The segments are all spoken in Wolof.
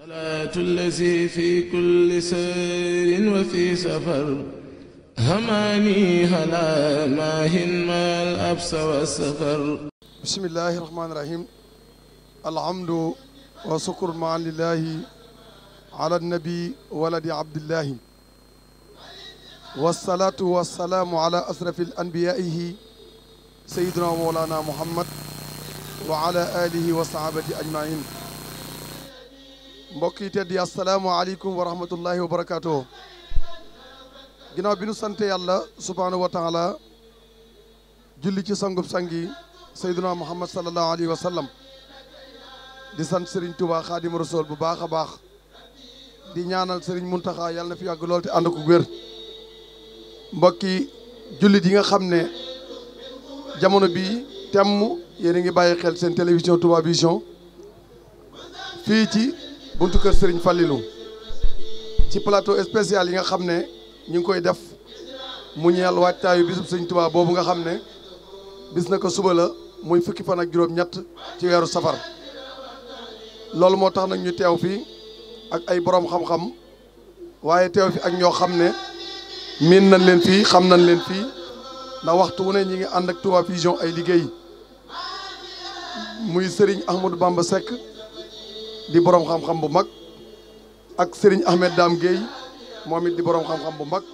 salaatu lazi fi kulli sayrin wa fi safar hamaani halaa maahin maal absa wa safar bismillahi rahmaani rahim alhamdu wa sukkur maan lillahi ala nabi waladi abdillahi wasalaatu wasalaamu ala asrafi anbiyaihi sayiduna wa mawlana muhammad wa ala alihi wa sahabati ajmain mbokk yi tedd yi asalaamaaleykum wa rahmatullahi wa barakaatu. ginnaaw bi nu sante yàlla subhaanahu wa taala julli ci sangub sangi sayduna muhammad salallahu alayhi wa sallam di sant Serigne Touba Xaadim Rasool bu baax a baax di ñaanal Serigne Muntaxa yàlla fi yàgg lool te ànd ko wér mbokki jullit yi nga xam ne jamono bii temm yéen a ngi bàyyi xel seen télévision tubaa Vision fii ci buntu kër sëriñ Fallilou ci plateau spécial yi nga xam ne ñu ngi koy def mu ñeel waajtaayu bisub Serigne Touba boobu nga xam ne bis na ko suba la muy fukki fan ak juróom-ñett ci weeru safar loolu moo tax nag ñu teew fii ak ay boroom xam-xam waaye teew fi ak ñoo xam ne miin nañ leen fii xam nañ leen fii ndax waxtu wu ne ñi ngi ànd ak Touba Vision ay liggéey muy Serigne Ahmadou Bamba Seck. di boroom xam-xam bu mag ak sëriñ Ahmed Dame Gueye moom it di boroom xam-xam bu mag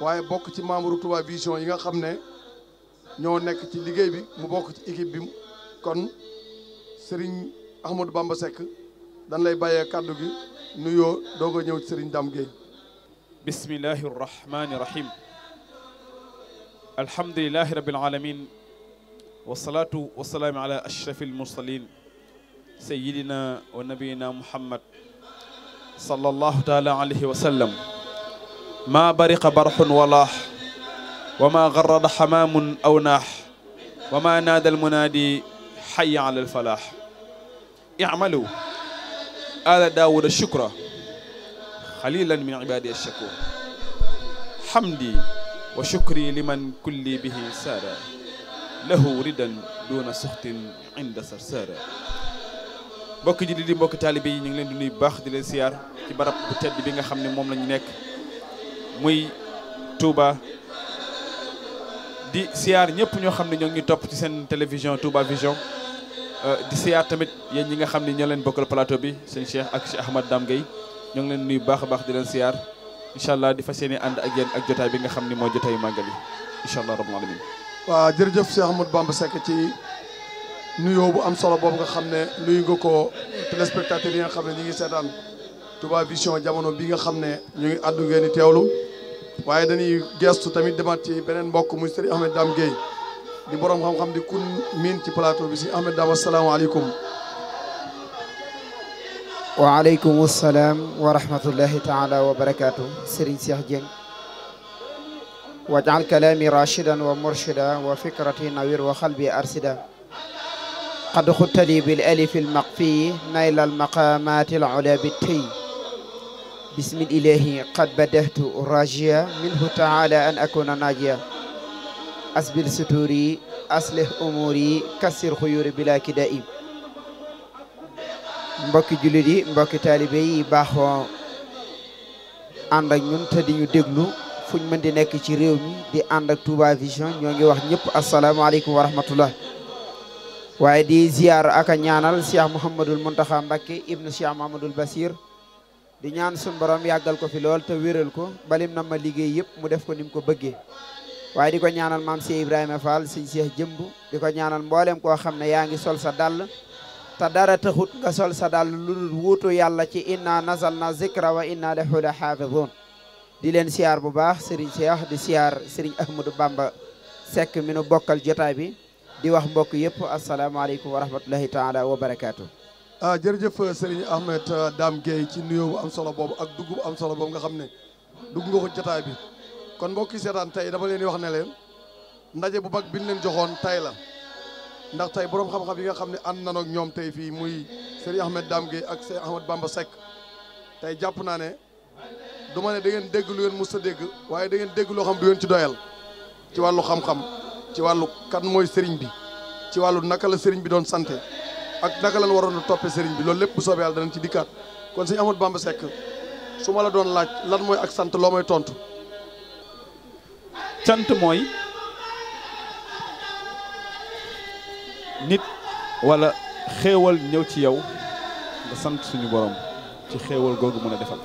waaye bokk ci membre Touba Vision yi nga xam ne ñoo nekk ci liggéey bi mu bokk ci équipe bi kon sëriñ Ahmadou Bamba Seck dañ lay bàyyee kàddu gi nuyoo doog a ñëw ci Serigne Dame Gueye. bismillahi rahmani rahim. alhamdulilahi rabil aalamiin wasalaatu wasalaam ala ashrafil mursaliin sayyidina wa nabiyina muhammad sallallahu taala alayhi wa sallam ma bariqa barxun walaax wa ma garrada xamaamun aw naax wa ma naada almunaadi xaya ala alfalaax imalu ala daawuda shukra xalilan min ibaadi ashakur xamdi wa shukri liman kulli bihi saada lahu ridan duuna suxtin inda sarsaara mbokk ji di mbokk taalibe yi ñu leen di nuyu baax di leen siyaar ci barab bu tedd bi nga xam ne moom la ñu nekk muy Touba di siyaar ñëpp ñoo xam ne ñoo ngi topp ci seen télévision Touba Vision euh, di siyaar tamit yéen ñi nga xam ne ñoo leen bokkal plateau bi seen Cheikh ak Cheikh Ahmad Dame Gueye ñoo ngi leen nuyu baax a baax di leen siyaar incha allah di fas yéene ànd ak yéen ak jotaay bi nga xam ni mooy jotaayu màggal yi incha la rabbul alamin waaw jërëjëf Cheikh Ahmad Bamba Seck ci nuyoo bu am solo boobu nga xam ne nuyu ko téléspectateurs yi nga xam ne ñu ngi seetaan Touba Vision jamono bi nga xam ne ñu ngi àddu ngeen di teewlu waaye dañuy gestu tamit demaat ci beneen mbokk muy Serigne Ahmed Dame Gueye di borom xam-xam di kun miin ci plateau bi si Ahmed Dame asalaamaaleykum. waaleykum salaam wa rahmatullahi taala wa barakaatu Serigne Cheikh Dieng. wajal kalaami rashidan wa murshida wa fikrati nawir wa xalbi arsida لقد خدتني بالالف المقفي نيل المقامات العلا بالتي بسم الإله قد بدأت راجيا منه تعالى أن أكون ناجيا أسبل ستوري أصلح أموري كسر خيور بلا كدائي mbokki jullit yi mbokki taalibe yi baaxoo ànd ak ñun te di ñu déglu fuñ mën di nekk ci réew mi di ànd ak Touba Vision ñoo ngi wax ñëpp asalaamaaleykum wa rahmatullah waaye di ziar ak a ñaanal Cheikh Mouhamadul Mountakha Mbacké ibnu Cheikh Mouhamadul Basir di ñaan sun borom yàggal ko fi lool te wéral ko balim na ma liggéey yëpp mu def ko ni mu ko bëggee waaye di ko ñaanal maam Cheikh Ibrahima Fall sëñ Cheikh jëmb di ko ñaanal mbooleem koo xam ne yaa ngi sol sa dàll te dara taxut nga sol sa dàll lu dul wuutu yàlla ci inna nazal na zikra wa inna lahu la xaafidun di leen siyaar bu baax Serigne Cheikh di siyaar Serigne Ahmadou Bamba Seck mi bokkal jotaay bi di wax mbokk yëpp asalaamaaleykum wa rahmatulahi taala wa barakaatu. ah jërëjëf euh, Serigne Ahmed euh, Dame Gueye ci nuyu am solo boobu ak dugg am solo boobu nga xam ne dugg nga ko jotaay bi kon mbokk yi seetaan tey dama leen di wax ne leen ndaje bu bag bi leen joxoon tey la ndax tey borom xam-xam yi nga xam ne ànd nañoo ñoom tey fii muy Serigne Ahmed Dame Gueye ak Serigne Ahmed Bamba Seck tey jàpp naa ne duma ne da ngeen dégg lu ngeen mus a dégg waaye da ngeen dégg xam du ngeen ci doyal ci wàllu xam ci wàllu kan mooy sëriñ bi ci wàllu naka la sëriñ bi doon sante ak naka lañ waroon a toppee sëriñ bi loolu lépp bu soobee yàlla danañ ci dikkaat kon si Amadou Bamba sekk su la doon laaj lan mooy ak sant loo may tontu. cant mooy nit wala xéewal ñëw ci yow nga sant suñu borom ci xéewal googu mën a defal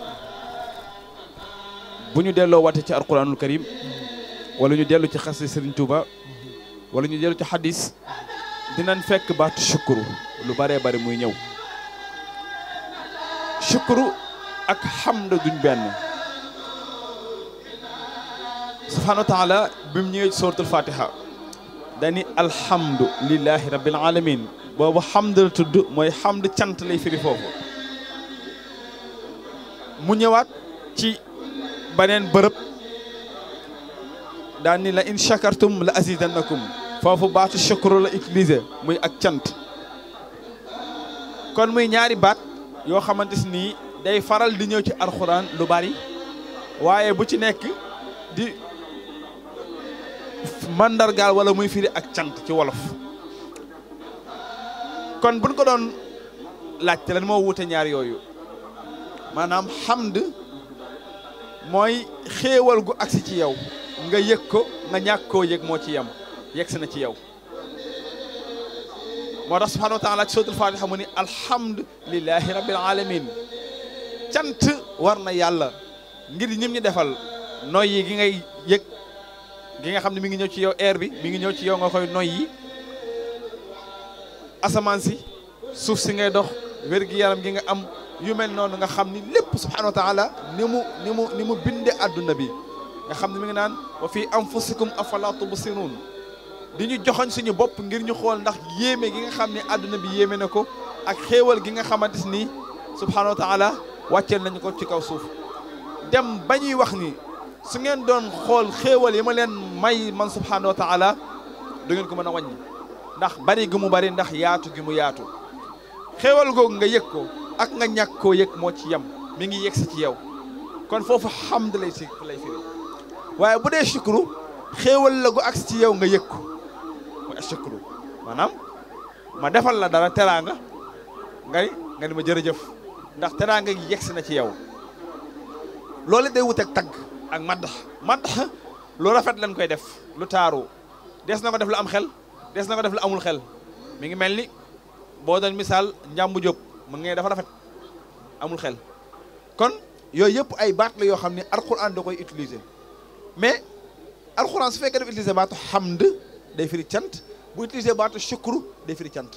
bu ñu delloo waate ci alquranul karim walla ñu dellu ci xase Sëriñ Tuuba wala ñu jël ci xadis dinañ fekk baatu shukuru lu baree bari muy ñëw shukuru ak xamd duñ benn subhaanahu wa taala bi mu ñëwee ci suratul dani alhamdu lillahi rabbil alamin boobu xamd la tudd mooy xamd cant lay firi foofu mu ñëwaat ci beneen bërëb daani la in shakartum la azidannakum foofu baatu shukru la utiliser muy ak cant kon muy ñaari baat yoo xamante nii day faral di ñëw ci alxuraan lu bari waaye bu ci nekk di mandargaal wala muy firi ak cant ci wolof kon buñ ko doon laaj laajte lan moo wuute ñaar yooyu maanaam xamd mooy xéewal gu agsi ci yow nga yëg ko nga ñàkk koo yëg moo ci yem yegsi na ci yow moo tax subhanahu wa taala ci suratul fatiha ni alhamdulilahi rabbil alamin cant war na yàlla ngir ñim ñi defal noyyi gi ngay yég gi nga xam ne mi ngi ñëw ci yow air bi mi ngi ñëw ci yow nga koy noyyi asamaan si suuf si ngay dox wér gi yaram gi nga am yu mel noonu nga xam ni lépp subhanahu wa taala ni mu ni mu ni binde àdduna bi nga xam ne mi ngi naan wa fi anfusikum afala tubsirun di ñu joxoñ suñu bopp ngir ñu xool ndax yéeme gi nga xam ne àdduna bi yéeme na ko ak xéewal gi nga xamante ni subhaanahu wa taala wàcceel nañu ko ci kaw suuf dem ba ñuy wax ni su ngeen doon xool xéewal yi ma leen may man subhaanahu wa taala du ngeen ko mën a wàññi ndax bari gi mu bari ndax yaatu gi yaatu xéewal googu nga yëg ko ak nga ñàkk koo yëg moo ci yem mi ngi yegsi ci yow kon foofu xamd lay si lay firi waaye bu dee shukru xéewal la gu ak ci yow nga yëg ko ashukru maanaam ma defal la dara teraanga nga ni nga ni ma jërëjëf ndax teraanga gi yegsi na ci yow loolu day wut ak tagg ak maddax maddax lu rafet lañ koy def lu taaru des na ko def lu am xel des na ko def lu amul xel mi ngi mel ni boo doon misaal njàmbu jóg mën ngeen dafa rafet amul xel kon yooyu yëpp ay baat la yoo xam ne alxuraan da koy utilise mais alxuraan su fekkee def utiliser baatu xamd day firi cant bu utilisé baatu shukru de firi cant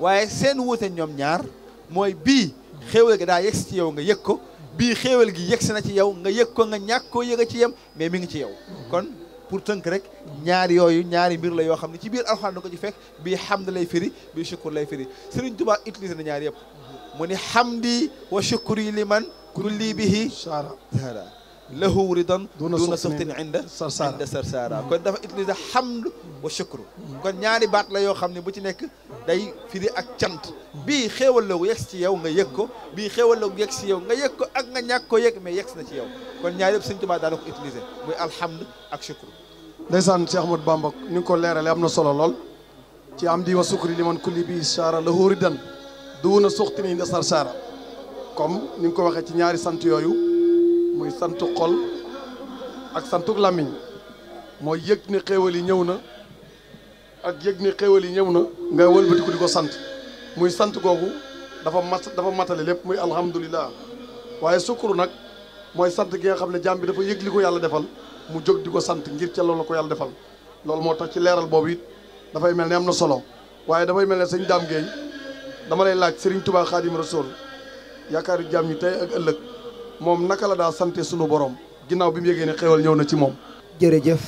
waaye seen wuute ñoom ñaar mooy bii xéewal gi daa yegsi ci yow nga yëg ko bii xéewal gi yegsi na ci yow nga yëg ko nga ñàkk koo yëg ci yem mais mi ngi ci yow kon pour tënk rek ñaar yooyu ñaari mbir la yoo xam ne ci biir alxuraan da ko ci fekk bii xam hamd lay firi bii shukur lay firi Sëriñ Tuubaa utilisé na ñaar yëpp mu ni di wa shukri liman kulli bihi sara lahu ridan duna suxtin inda inda sarsara kon dafa utiliser hamd wa shukru kon ñaari baat la yoo xam ne bu ci nekk day di ak cant bii xéewal la gu yegg ci yow nga yëg ko bii xéewal la gu ci yow nga yëg ko ak nga ñàkk ko yëg mais yegg na ci yow kon ñaari yëpp Sëñ Tuubaa daana ko utiliser muy alhamd ak shukru ndeysaan Cheikh Ahmadou Bamba ni nga ko leerale am na solo lool ci am di wa sukri li man kulli bi saara lahu ridan duna suxtin inda sarsara comme ni nga ko waxee ci ñaari sant yooyu santu xol ak santu làmmiñ mooy yëg ne xéewal yi ñëw na ak yëg ni xéewal yi ñëw na nga wëlbatiku di ko sant muy sant googu dafa mat dafa matale lépp muy alhamdulilah waaye sukkuru nag mooy sant gi nga xam ne jaam bi dafa yëg ko yàlla defal mu jóg di ko sant ngir ca loolu la ko yàlla defal loolu moo tax ci leeral boobu it dafay mel ne am na solo waaye dafay mel ne sëñ Dame Gueye dama lay laaj Serigne Touba Khadim Rasoul yaakaar jaam ñi tey ak ëllëg moom naka la daa sante sunu borom ginnaaw bi mu yëgee ne xewal ñëw na ci moom. jërëjëf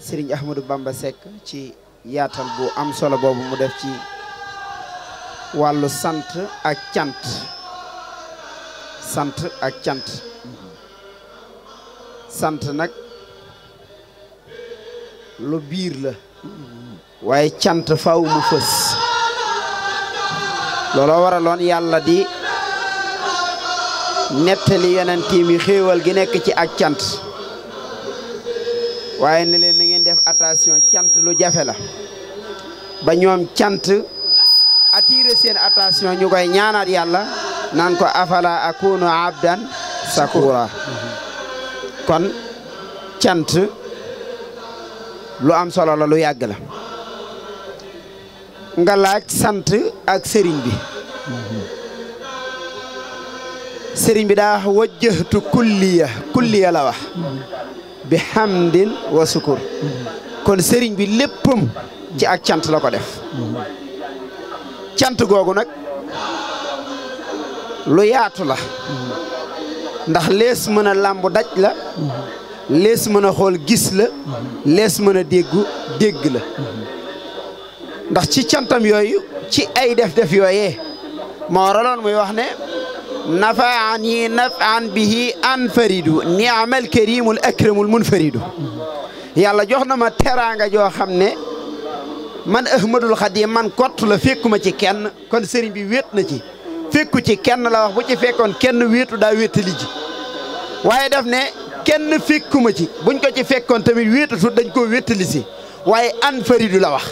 Serigne Ahmadou Bamba Seck ci yaatal bu am solo boobu mu def ci wàllu sant ak cant sant ak cant sant nag lu biir la. waaye cant faaw mu fës. looloo waraloon yàlla di. nettali yonentii mi xéewal gi nekk ci ak cant waaye ne leen na ngeen def attention cant lu jafe la ba ñoom cant attiré seen attention ñu koy ñaanaat yàlla naan ko afala akunu abdan sakura kon cant lu am solo la lu yàgg la nga laaj sant ak sëriñ bi sëriñ bi daa wajjahtu kulliya kulliya la wax bi hamdin wa sukur kon sëriñ bi léppam ci ak cant la ko def cant googu nag lu yaatu la ndax lees mën a làmbu daj la lees mën a xool gis la lees mën a déggu dégg la ndax ci cantam yooyu ci ay def def yooyee moo waraloon muy wax ne نفعني نفعا به أنفرد نعم الكريم الأكرم المنفرد yàlla jox na ma teraanga joo xam ne man Ahmadul Xadim man kott la fekkuma ci kenn kon sëriñ bi wéet na ci fekku ci kenn la wax bu ci fekkoon kenn wéetu daa wéetali ji waaye def ne kenn fekkuma ci buñ ko ci fekkoon tamit wéetatu dañ koo wéetali si waaye an faridu la wax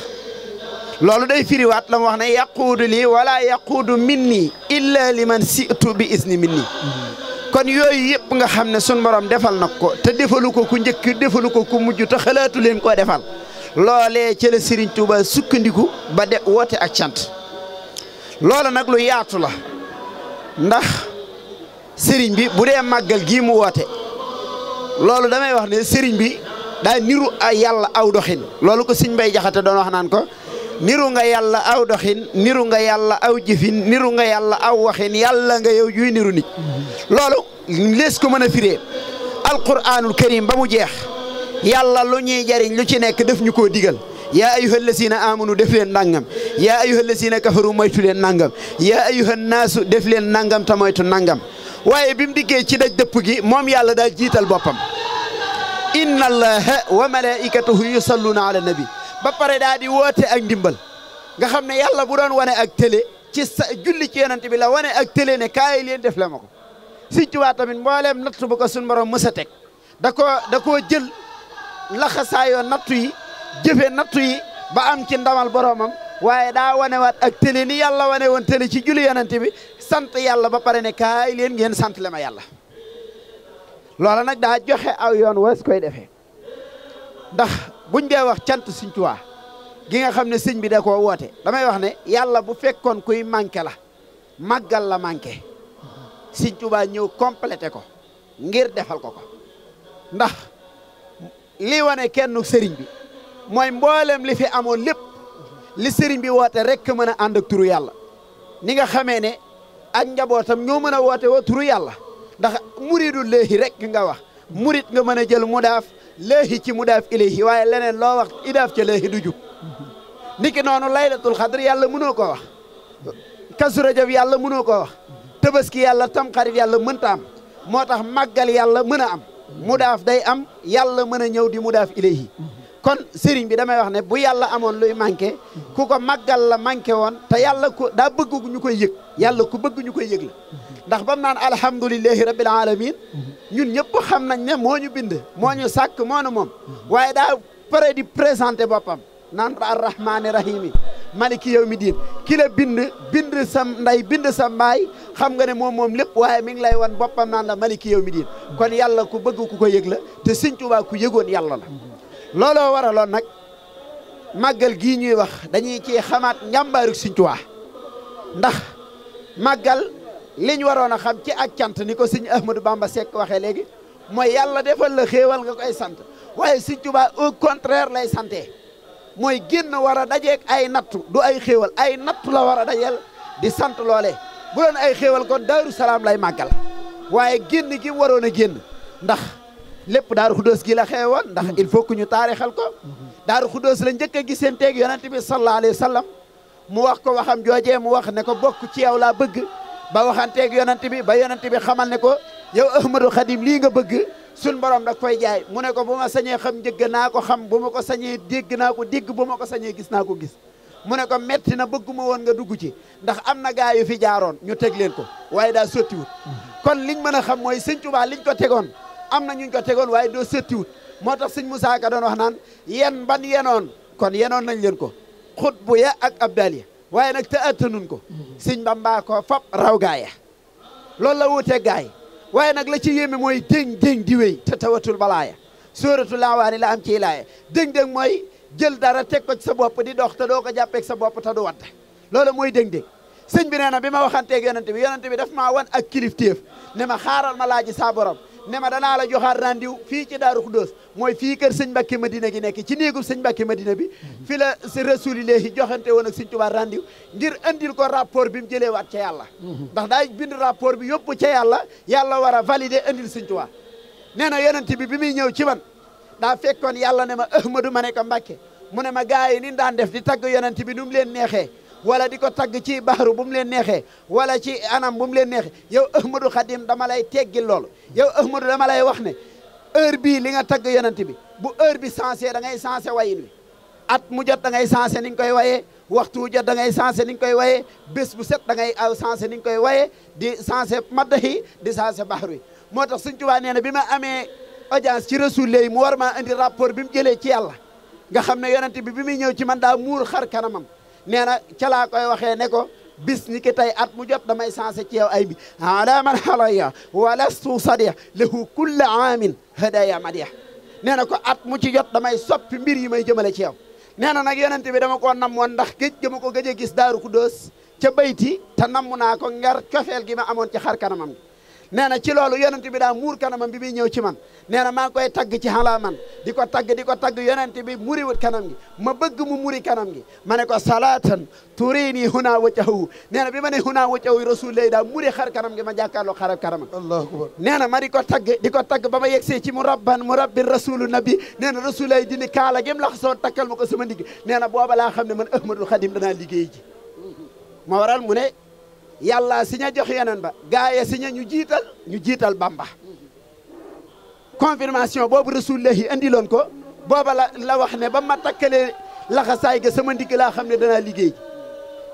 loolu day firiwaat la wax na yaquudu lii wala yaquudu minni illa liman situ bi isni minni kon yooyu yëpp nga xam ne sun borom defal na ko te defalu ko ku njëkk defalu ko ku mujj te xalaatu leen koo defal loole ca la Serigne Touba sukkandiku ba de woote ak cant loolu nag lu yaatu la ndax Serigne bi bu dee màggal gii mu woote loolu damay wax ne Serigne bi daa niru ay yàlla aw doxin loolu ko Serigne Mbaye Jaxate doon wax naan ko niru nga yàlla aw doxin niru nga yàlla aw jëfin niru nga yàlla aw waxin yàlla nga yow juy niru nit loolu lees ko mën a firee alquraanul karim ba mu jeex yàlla lu ñuy jariñ lu ci nekk def ñu koo digal yaa ayyuhal lazina amanu def leen nangam yaa ayyuhal lazina kafaru moytu leen nangam yaa ayyuhan naasu def leen nangam te moytu nangam waaye bi mu dikkee ci daj dëpp gi moom yàlla daal jiital boppam inna allaha wa malaikatahu yusalluna ala nabi ba pare daa di woote ak ndimbal nga xam ne yàlla bu doon wane ak télé ci sa julli ci yonent bi la wane ak télé ne kaay leen def le ma ko Sëñ Tuubaa tamit mbooleem natt bu ko suñu borom teg da koo da koo jël laxasaayoo nattu yi jëfe nattu yi ba am ci ndamal boromam waaye daa wane waat ak télé ni yàlla wane woon télé ci julli yonent bi sant yàlla ba pare ne kaay leen ngeen sant le ma yàlla loola nag daa joxe aw yoon wees koy defee ndax buñ dee wax cant Sëñ Tuubaa gi nga xam ne sëñ bi da koo woote damay wax ne yàlla bu fekkoon kuy manqué la màggal la manqué Sëñ Tuubaa ñëw complété ko ngir defal ko ko ndax lii wane kenn sëriñ bi mooy mboolem li fi amoon lépp li sëriñ bi woote rek mën a ànd ak turu yàlla ni nga xamee ne ak njabootam ñoo mën a woote woo turu yàlla ndax mu muridu léegi rek nga wax murit nga mën a jël mu daaf léehi ci mu daaf ilayhi waaye leneen loo wax idaaf ca léehi du jub niki noonu laylatul xadr yàlla mënoo ko wax kasu rajab yàlla mënoo ko wax tabaski yàlla tamxarit yàlla mënta am moo tax màggal yàlla mën a am mu daaf day am yàlla mën a ñëw di mu daaf ilayhi kon sëriñ bi damay wax ne bu yàlla amoon luy manqué ku ko màggal la manqué woon te yàlla ku daa bëgg ñu koy yëg yàlla ku bëgg ñu koy yëg la ndax ba mu naan alhamdulilahi rabbil alamin ñun ñëpp xam nañ ne moo ñu bind moo ñu sàkk moo nu moom waaye daa pare di présenté boppam naan arrahmaani rahim yi maliki yow mi diin ki la bind bind sa nday bind sa mbaay xam nga ne moom moom lépp waaye mi ngi lay wan boppam naan la maliki yow mi diin kon yàlla ku bëgg ku ko yëg te sëñ Tuubaa ku yëgoon yàlla la looloo waraloon nag màggal gii ñuy wax dañuy ci xamaat njàmbaaru Sëñ ndax màggal liñ waroon a xam ci ak cant ni ko sëñ Ahmadou Bamba Seck waxee léegi mooy yàlla defal la xéewal nga koy sant waaye Sëñ Tuubaa au contraire lay sante mooy génn war a dajeek ay natt du ay xéewal ay nattu la war a dajeel di sant loole bu doon ay xéewal kon Daaru Salaam lay màggal waaye génn gi waroon a génn ndax lépp daaru xuddoos gi la xewoon ndax il faut que ñu taarixal ko daaru xuddoos la njëkk a teeg yonent bi sallallahu alayhi wa mu wax ko waxam joojee mu wax ne ko bokk ci yow laa bëgg ba waxanteeg yonent bi ba yonent bi xamal ne ko yow Ahmadou Khadim lii nga bëgg suñ baroom da koy jaay mu ne ko bu ma sañee xam njëgg naa ko xam bu ma ko sañee dégg naa ko dégg ba ma ko sañee gis naa ko gis mu ne ko metti na bëgguma woon nga dugg ci ndax am na gaa yu fi jaaroon ñu teg leen ko waaye daa sottiwut mm. kon liñ mën a xam mooy Sëñ liñ ko tegoon am na ñuñ ko tegoon waaye doo settiwut moo tax sëñ Moussa Ka doon wax naan yen ban yenoon kon yenoon nañ leen ko xut bu ya ak abdaliya waaye nag te attanuñ ko sëñ Bamba ko fab raw gaaya loolu la wuutee gaay waaye nag la ci yéeme mooy déng déng di wéy te tawatul balaaya sóoratu laawaani la am ci laaya déng déng mooy jël dara teg ko sa bopp di dox te doo ko jàppeeg sa bopp ta du wadd loolu mooy déng déng sëñ bi nee na bi ma waxanteeg yonente bi yonente bi daf maa wan ak kilifteef ne ma xaaral ma laaji saa borom ne ma danaa la joxaat rendiw fii ci Daaru Xuddoos mooy fii kër sëñ Mbàkke Madina gi nekk ci néegub sëñ Mbàkke Madina bi fi la si Rasulillahi joxante woon ak sëñ Tuubaa rendiw ngir andil ko rapport bi mu jëlee waat ca yàlla ndax daay bind rapport bi yóbbu ca yàlla yàlla war a valider andil sëñ Tuubaa nee na yonent bi bi muy ñëw ci man daa fekkoon yàlla ne ma Ahmadu ma ne ko Mbàkke mu ne ma gars yi ni daan def di tagg yonent bi nu mu leen neexee wala di ko tagg ci baaru bu mu leen neexee wala ci anam bu mu leen neexee yow Ahmadou Khadim dama lay teggil loolu yow Ahmadou dama lay wax ne heure bii li nga tagg yonent bi bu heure bi sensé da ngay sensé wayin wi at mu jot da ngay sensé ni nga koy wayee waxtu wu jot da ngay sensé ni nga koy wayee bés bu set da ngay aw sensé ni nga koy wayee di sensé maddahi di sensé baaru yi moo tax Sëñ Tuubaa nee na bi ma amee audience ci Rasuul yi mu war maa indi rapport bi mu jëlee ci yàlla nga xam ne yonent bi bi muy ñëw ci man daa muur xar kanamam nee na ca laa koy waxee ne ko bis ni ki tey at mu jot damay sensé ci yow ay bi ala man xalaya walastu sadiya lahu kulla aamin hadaya madiya nee na ko at mu ci jot damay soppi mbir yi may jëmale ci yow nee na nag yonent bi dama koo nam woon ndax géej gëma ko gëj a gis daaru ku doos ca bayti te namm naa ko ngar cofeel gi ma amoon ci xar kanamam nee na ci loolu yonent bi daa muur kanamam bi muy ñëw ci man nee na maa ngi koy tagg ci xalaa man di ko tagg di ko tagg yonent bi muriwut kanam gi ma bëgg mu muuri kanam gi ma ne ko salaatan turini huna wacahu nee na bi ma a huna wacahu rasulillah daa muri xar kanam gi ma jàkkaarloo xarab kanamam allahu akbar nee na ma di ko tagg di ko tagg ba ma yegsee ci mu rabban mu rabbin rasulu nabi nee na rasulillah dini kaala lax soo takkal ma ko sama ndigg nee na booba laa xam ne man ahmadul xadim danaa liggéey ji ma waral mu ne yàlla si ña jox yeneen ba gaa ya si ña ñu jiital ñu jiital bamba confirmation boobu rasulullahi andiloon ko booba la la wax ne ba ma takkalee laxasaay ga sama ndigg laa xam ne danaa liggéey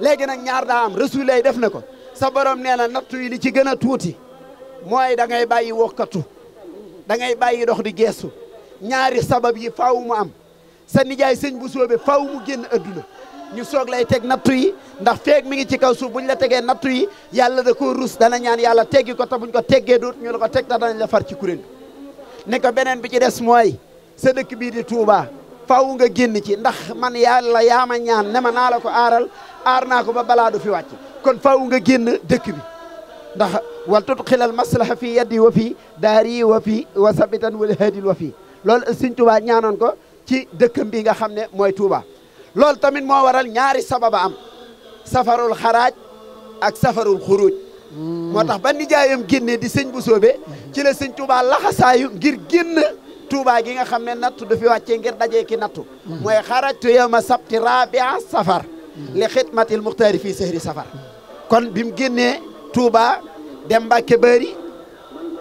léegi nag ñaar daa am rasulullahi def na ko sa nee na nattu yi li ci gën a tuuti mooy da ngay bàyyi wokkatu da ngay bàyyi dox di geesu ñaari sabab yi faaw am sa nijaay sëñ bu soobe faaw mu génn adduna ñu soog lay teg nattu yi ndax feeg mi ngi ci kaw suuf buñ la tegee nattu yi yàlla da koo rus dana ñaan yàlla teggi ko ta buñ ko teggee doot ñu la ko teg ndax danañ la far ci kuréel ne ko beneen bi ci des mooy sa dëkk bii di Touba faw nga génn ci ndax man yàlla yaa ma ñaan ne ma naa la ko aaral aar naa ko ba balaa du fi wàcc kon faw nga génn dëkk bi ndax wal tudxilal maslaha fi yaddi wa fi daari wa fi wa sabitan wal haadil wa fi lool Sëñ Touba ñaanoon ko ci dëkkam bi nga xam ne mooy Touba loolu tamit moo waral ñaari sababa am safarul xaraaj ak safarul xuruj mm. moo tax ba nijaayam génnee di sëñ bu soobe ci la sëñ Touba laxasaayu ngir génn Touba gi nga xam ne nattu du fi wàccee ngir dajee nattu mm. mooy xarajtu ma sabti rabia safar mm. li matil muxtaari fii sehri safar kon bi mu génnee Touba dem Mbàkke Bari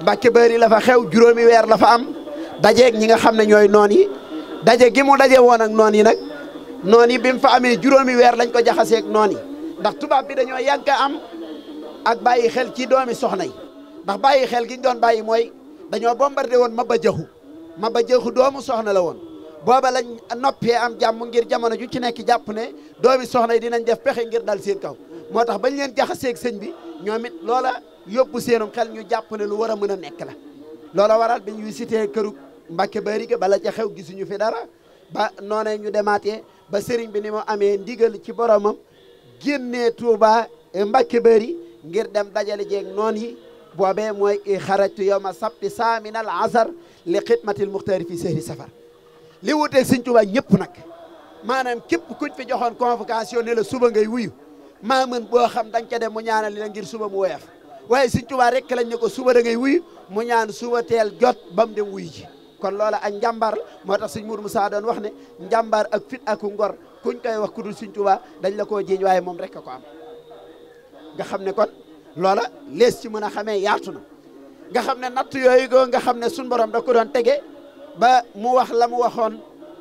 Mbàkke Bari la fa xew juróomi weer la fa am dajeeg ñi nga xam ne ñooy noon yi daje gi mu daje woon ak noon yi nag noon yi bi fa amee juróomi weer lañ ko jaxaseeg noon yi ndax tubaab bi dañoo yàgg a am ak bàyyi xel ci doomi soxna yi ndax bàyyi xel giñ doon bàyyi mooy dañoo bombardé woon Maba Jaxu Maba Jaxu doomu soxna la woon booba lañ noppee am jàmm ngir jamono ju ci nekk jàpp ne doomi soxna yi dinañ def pexe ngir dal seen kaw moo tax bañ leen jaxaseeg sëñ bi ñoom it loola yóbbu seenum xel ñu jàpp lu war a mën a nekk la loola waral bi ñu visité këru Mbàkke Bari ga bala gisuñu fi dara ba noonee ñu demaatee ba sëriñ bi ni mu amee ndigal ci boromam génnee Touba e Mbacke Bari ngir dem dajale jeeg noon yi boobee mooy i xarajtu yawma sabti saamin al asar li xidmatil muxtaari fi sehri safar li wuteeg sëriñ Touba ñëpp nag maanaam képp kuñ fi joxoon convocation ne la suba ngay wuyu maa mën boo xam dañ ca dem mu ñaanal li la ngir suba mu woyof waaye sëriñ Touba rek lañ ne ko suba da ngay wuyu mu ñaan suba teel jot bam dem wuyu ji kon loola ak njàmbaar moo tax sëñ Mourou Moussa doon wax ne njàmbaar ak fit ak ngor kuñ koy wax ku dul sëñ Tuubaa dañ la koo jiiñ waaye moom rek ko am nga xam ne kon loola lees ci mën a xamee yaatu na nga xam ne natt yooyu goo nga xam ne suñ borom da ko doon tege ba mu wax la mu waxoon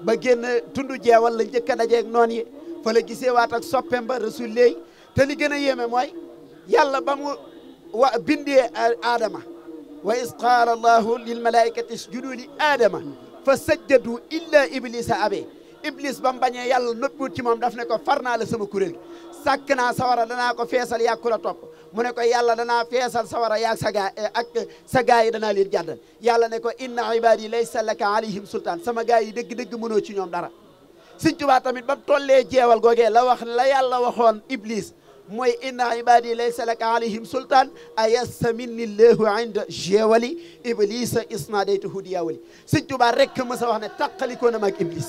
ba génn tund jeewal la njëkk a dajeeg noon yi fa la gisee waat ak soppeem ba rasul léegi te li gën a yéeme mooy yàlla ba mu wa bindee aadama wa is qaala allahu lil malaikati isjudu li aadama fa sajjadu illa iblisa abe iblis ba mu bañee yàlla noppiwut ci moom daf ne ko far naa la sama kuréel gi sàkk naa sawara danaa ko feesal yàgg ku la topp mu ne ko yàlla danaa feesal sawara yàgg sa gaa eh, ak sa yi danaa leen jàddal yàlla ne ko inna ibadi lay laka alayhim sultaan sama gaa yi dëgg-dëgg mënoo ci ñoom dara Sëñ Tuubaa tamit ba mu tollee jeewal googee la wax la yàlla waxoon iblis mooy inna ibadi laysa laka alayhim sultan ayastaminni llahu inda jeewali iblisa isnadaytu hudiyawali sëñ Tuubaa rek mës a wax ne tàqalikoo na maag iblis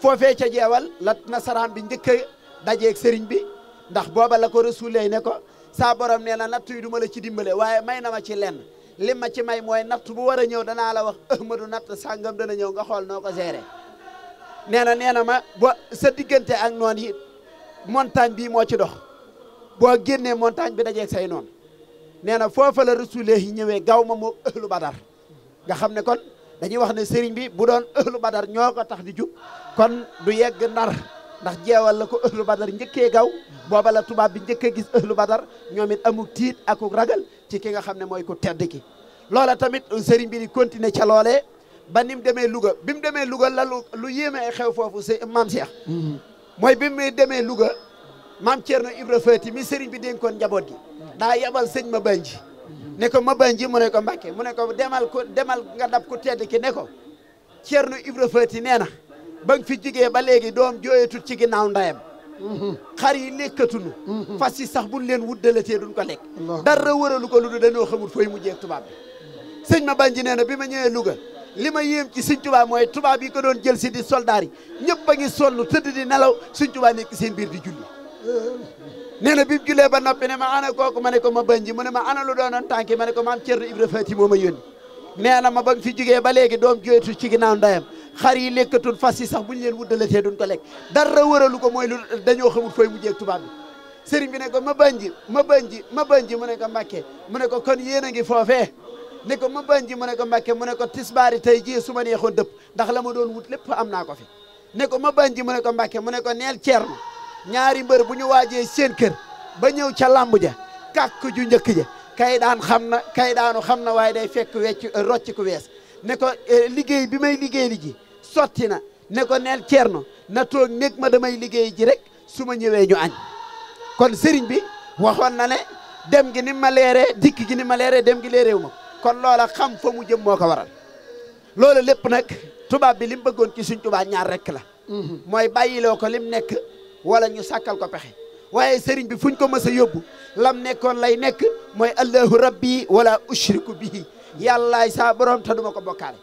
foofee ca jeewal la nasaraan bi njëkk a dajeeg sëriñ bi ndax booba la ko rasuulay ne ko saa borom nee na nattu du ma ci dimbale waaye may na ma ci lenn li ma ci may mooy natt bu war a ñëw danaa la wax ahmadu natt sàngam dana ñëw nga xool noo ko gérer nee na nee na ma ba sa diggante ak noon bii moo ci dox boo génnee montagne bi dajeeg say noonu nee na foofa la rasulilah yi ñëwee gaw ma moo ëhlu badar nga xam ne kon dañuy wax ne sëriñ bi bu doon ëhlu badar ñoo ko tax di jub kon du yegg nar ndax jeewal la ko ëhlu badar njëkkee gaw booba tubaab bi njëkkee gis ëhlu ñoom it amuk tiit aku ragal ci ki nga xam ne mooy ku tedd ki loola tamit sëriñ bi di continuer ca loole ba ni mu demee Louga bi mu demee Louga la lu lu yéemee xew foofu si maam Cheikh mm-hmm. bi mu demee Louga maam Thierno Ibra Faati mi sëriñ bi kon njaboot gi daa yabal sëñ ma banji ne ko ma banji mu ne ko Mbàkke mu ne ko demal ko demal nga dab ku tedd ki ne ko Thierno Ibra Faati nee na ba nga fi jigee ba léegi doom jooyatut ci ginnaaw ndayam mhm. xar yi lekkatunu mhm. fa si sax buñ leen wut wuddalatee duñ ko lekk dara wëralu ko lu du dañoo xamul mu mujjee tubaab bi sëñ ma banji nee na bi ma ñëwee Louga li ma yéem ci sëñ Tuubaa mooy tubaab yi ko doon jël si di soldaar ñëpp ngi sonn tëdd di nelaw sëñ Tuubaa nekk seen biir di julli nee na bi mu jullee ba noppi ne ma ana kooku ma ne ko ma banji mu ne ma ana lu doonoon tànki ma ne ko maam Cerno Ibra Faati moo ma yónni nee na ma ba mu fi jugee ba léegi doom jooytu ci ginnaaw ndayam xar yi lekkatul fas yi sax bu ñu leen wuddalatee duñ ko lekk dara wëralu ko mooy lu dañoo xamul fooy mujjee ak tubaab bi sëriñ bi ne ko ma banji ma banji ma banji ma ne ko mu ne ko kon yéen a ngi foofee ne ko ma banji mu ne ko Mbàkke mu ne ko tisbaari tey jii su ma neexoon dëpp ndax la ma doon wut lépp am naa ko fi ne ko ma banji mu ne ko mu ne ko neel Cerno ñaari mbër bu ñu waajee seen kër ba ñëw ca làmb ja kàkk ju njëkk ja kay daan xam na kay daanu xam na waaye day fekk wecc rocc ku wees ne ko eh, liggéey bi may liggéey li ji sotti na ne ko neel ceerno na toog néeg ma damay liggéey ji rek su ma ñëwee ñu añ kon sëriñ bi waxoon na ne dem gi ni ma leeree dikk gi ni ma leeree dem gi leereewu ma kon loola xam fa mu jëm moo ko waral loolu lépp nag tubaab bi li mu bëggoon ci suñ tubaab ñaar rekk la mm-hmm. mooy bàyyiloo ko lim nekk wala ñu sàkkal ko pexe waaye sëriñ bi fuñ ko mës a yóbbu lam nekkoon lay nekk mooy allahu rabbi wala ushriku bihi yàllaay saa borom te duma ko bokkaale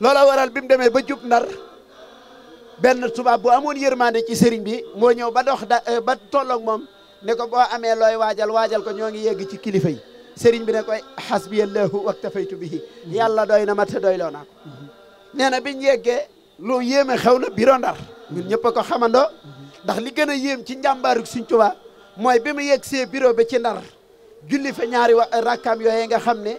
loola waral bi mu demee ba jub ndar benn tubaab bu amoon yërmande ci sëriñ bi moo ñëw ba dox da eh, ba tolloog moom ne ko boo amee looy waajal waajal ko ñoo ngi yegg ci kilifa yi sëriñ bi ne koy hasbiyallahu waktafaytu bihi yàlla doy na ma doy loo naa ko mm-hmm. nee na biñ yeggee lu yéeme xew na biro ndar ndax li gën a yéem ci njàmbaarug Sëñ Tuubaa mooy bi mu yegg see bureau bi ci ndar julli fa ñaari wa rakkaam yooyee nga xam ne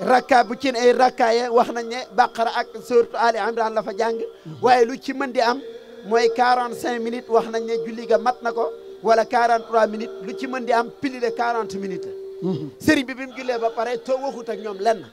rakka bu ci ay rakkaaye wax nañ ne baqara ak surtu Ali Imran la fa jàng waaye lu ci mën di am mooy 45 minutes wax nañ ne julli ga mat na ko wala 43 minutes lu ci mën di am pili de 40 minutes bi bi mu jullee ba pare too waxut ak ñoom lenn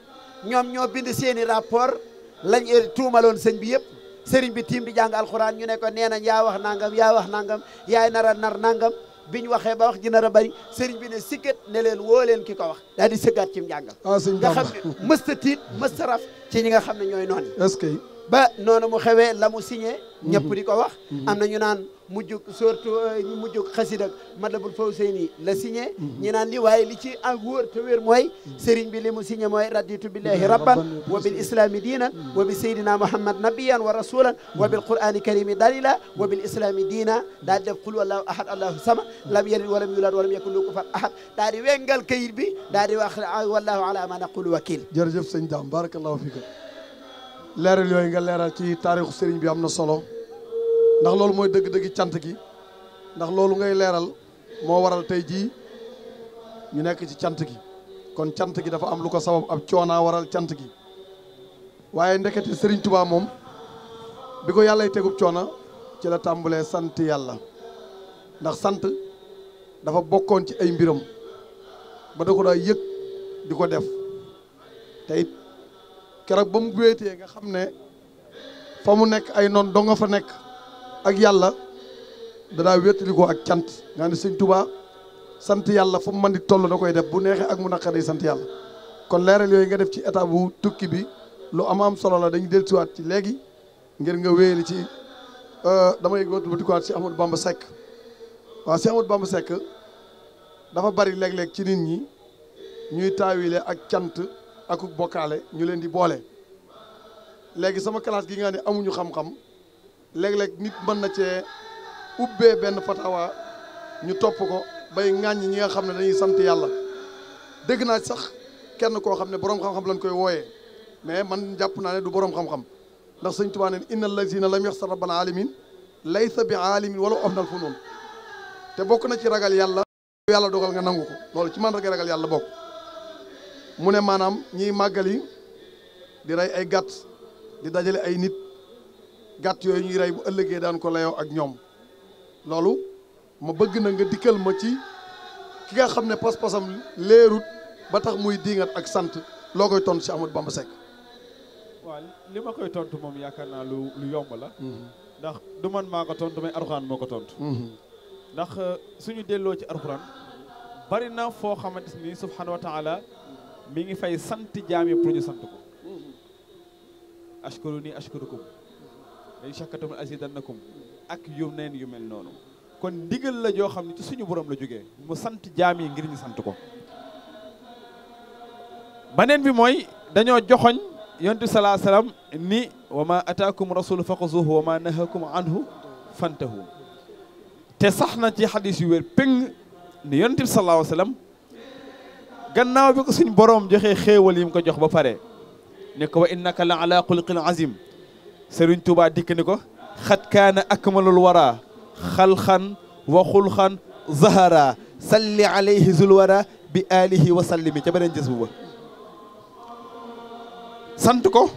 ñoom ñoo bind seeni rapport lañ tuumaloon sëñ bi yëpp sëriñ bi tiim di jàng alxuraan ñu ne ko nee nañ yaa wax nangam yaa wax nangam yaay nar a nar nangam biñ waxee ba wax ji nar a bari sëriñ bi ne sikkat ne leen woo leen ki ko wax daal di sëggaat ci njàngam ah, nga xam ne mësta tiit mësta raf ci ñi nga xam ne ñooy noonu est-ce ba noonu mu xewee la mu signé. ñëpp di ko wax. Mm-hmm. am na ñu naan mujjug surtout euh, mujjug xasida ak Madlabul Fawzayni la signé. Mm-hmm. ñu naan li waaye li ci ak wóor te wér mooy. Mm-hmm. sëriñ bi li mu signé mooy raditu billahi rabban wa bil islami diina. wa bi sayyidina muhammad nabiyan wa rasulan. wa bil qur'ani karimi dalila. wa bil islami diina daal di def qul wallahu ahad allahu sama. lam yalid walam yulad walam yakun lahu kufuwan ahad daal di wengal kayit bi daal di wax wallahu ala ma naqulu wakil. jërëjëf sëñ Dame barakallahu fiikum leeral yooyu nga leeral ci taarixu sëriñ bi am na solo ndax loolu mooy dëgg-dëgg cant gi ndax loolu ngay leeral moo waral tey jii ñu nekk ci cant gi kon cant gi dafa am lu ko sabab ab coonaa waral cant gi waaye ndekete sëriñ Tuubaa moom bi ko yàllay tegub coona ci la tàmbalee sant yàlla ndax sant dafa bokkoon ci ay mbiram ba da ko daa yëg di ko def te keroog ba mu wéetee nga xam ne fa mu nekk ay noon donga fa nekk ak yàlla danaa wéetali ko ak cant nga ne sëñ Tuubaa sant yàlla fu mu mën di toll da koy def bu neexee ak mu naqaree sant yàlla kon leeral yooyu nga def ci état bu tukki bi lu am am solo la dañu dellusiwaat ci léegi ngir nga wéyali ci euh, damay góotul ba tukkaat si Amadou Bamba sekk waaw si Amadou Bamba Seck dafa bari léeg-léeg ci nit ñi ñuy taawile ak cant akuk bokkaale ñu leen di boole léegi sama classe gi nga ne amuñu xam-xam léeg-léeg nit man na cee ubbee benn fatawa ñu topp ko bay ŋàññi ñi nga xam ne dañuy sant yàlla dégg naa sax kenn koo xam ne borom xam-xam lañ koy wooyee mais man jàpp naa ne du borom xam-xam ndax sëñ Tuubaa ne inna allazina lam yaxsa rabbal lay sa bi alamin wala om nal fu noonu te bokk na ci ragal yàlla yàlla dogal nga nangu ko loolu ci man ragal yàlla bokk mu ne maanaam ñiy màggali di rey ay gàtt di dajale ay nit gàtt yooyu ñuy rey bu ëllëgee daan ko layoo ak ñoom loolu ma bëgg na nga dikkal ma ci ki nga xam ne pas-pasam leerut ba tax muy diingat ak sant loo koy si ci Ahmadou Bamba Seck waaw li ma koy tontu moom yaakaar naa lu lu yomb la mm-hmm. ndax du man maa ko tontu may arxuraan moo ko tontu mm-hmm. ndax euh, suñu delloo ci arxuraan bari na foo xamante ni subhanahu wa taala mi ngi fay sant jaam yi pour ñu sant ko ashkuru ni ashkurukum dañ shakkatum azidannakum ak yu neen yu mel noonu kon ndigal la joo xam ne ci suñu borom la jóge mu sant jaam yi ngir ñu sant ko baneen bi mooy dañoo joxoñ yonent bi salaa salaam ni wa ma ataakum rasulu faquzuhu wa ma nahakum anhu fantahu te sax na ci xadis yu wér péng ni yonent bi gannaaw bi ko suñ boroom joxe xéewal yim ko jox ba pare ne ko wa innaka la ala xulqin azim Sëriñ Tuubaa dikk ko xat kaana akmalul wara xalxan wa xulxan zahara salli alayhi zulwara bi alihi wa sallimi ca beneen jës bu sant ko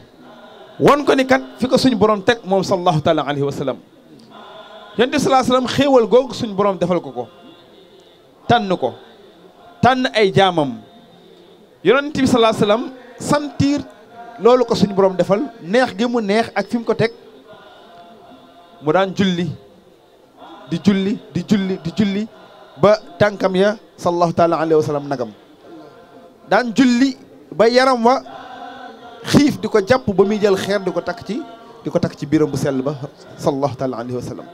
won ko ni kat fi ko suñ borom teg moom sallallahu taala alayhi wa sallam yonent bi salaa sallam xéewal googu suñ borom defal ko ko tànn ko tànn ay jaamam yonent bi santiir loolu ko suñu borom defal neex gi neex ak fi mu ko teg mu daan julli di julli di julli di julli ba tànkam ya sallallahu taala alayhi wa sallam nagam daan julli ba yaram wa xiif di ko jàpp ba muy jël xeer di ko takk ci di ko takk ci biiram bu sell ba sallallahu taala alayhi wa sallam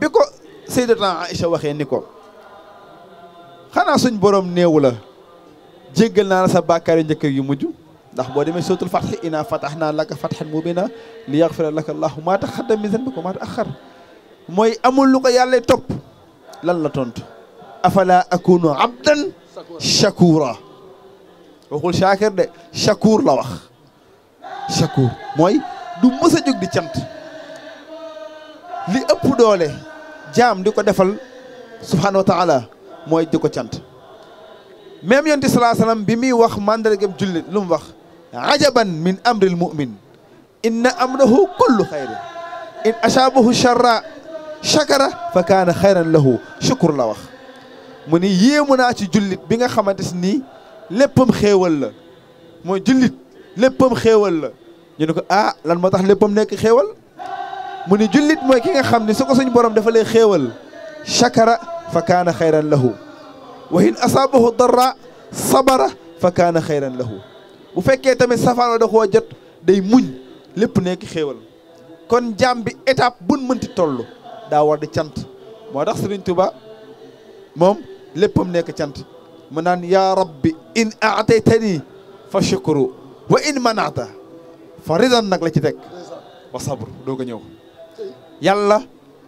bi ko sayyidatuna Aïcha waxee ni ko xanaa suñ boroom néewu la jéggal naa la sa bàkkaar yu njëkk yu mujj ndax boo demee sootul fatxi inaa fataxnaa laka fatxan mubina li yaxfira laka allahu maa taqaddama min zanbika wa maa taaxar mooy amul lu ko yàlla topp lan la tontu afala akunu abdan shakura waxul shakir de shakur la wax shakur mooy du mës jóg di cant li ëpp doole jaam di ko defal subhanahu wa taala mooy di ko cant même yonent salaa bi muy wax mandargam jullit lu mu wax ajaban min amril mu'min na amrahu kullu xayri in asaabahu charra chakara fa kaana xayran lahu chukur la wax mu ni yéemu naa ci jullit bi nga xamante nii léppam xéewal la mooy jullit léppam xéewal la ñu ne ko ah lan moo tax léppam nekk xéewal mu ni jullit mooy ki nga xam ne su ko suñ borom dafa lay xéewal chakara fa kaana xayran lahu wa in asaabahu darra sabara fa kaana xayran laxu bu fekkee tamit safaan da koo jot day muñ lépp nekk xéewal kon jaam bi étape buñ mënti toll daa war di cant moo tax Sëriñ Tuba moom léppam nekk cant mu naan yaa rabbi in aataytani fa shukru wa in manaata fa ridan nag la ci teg wa sabr doog a ñëw yàlla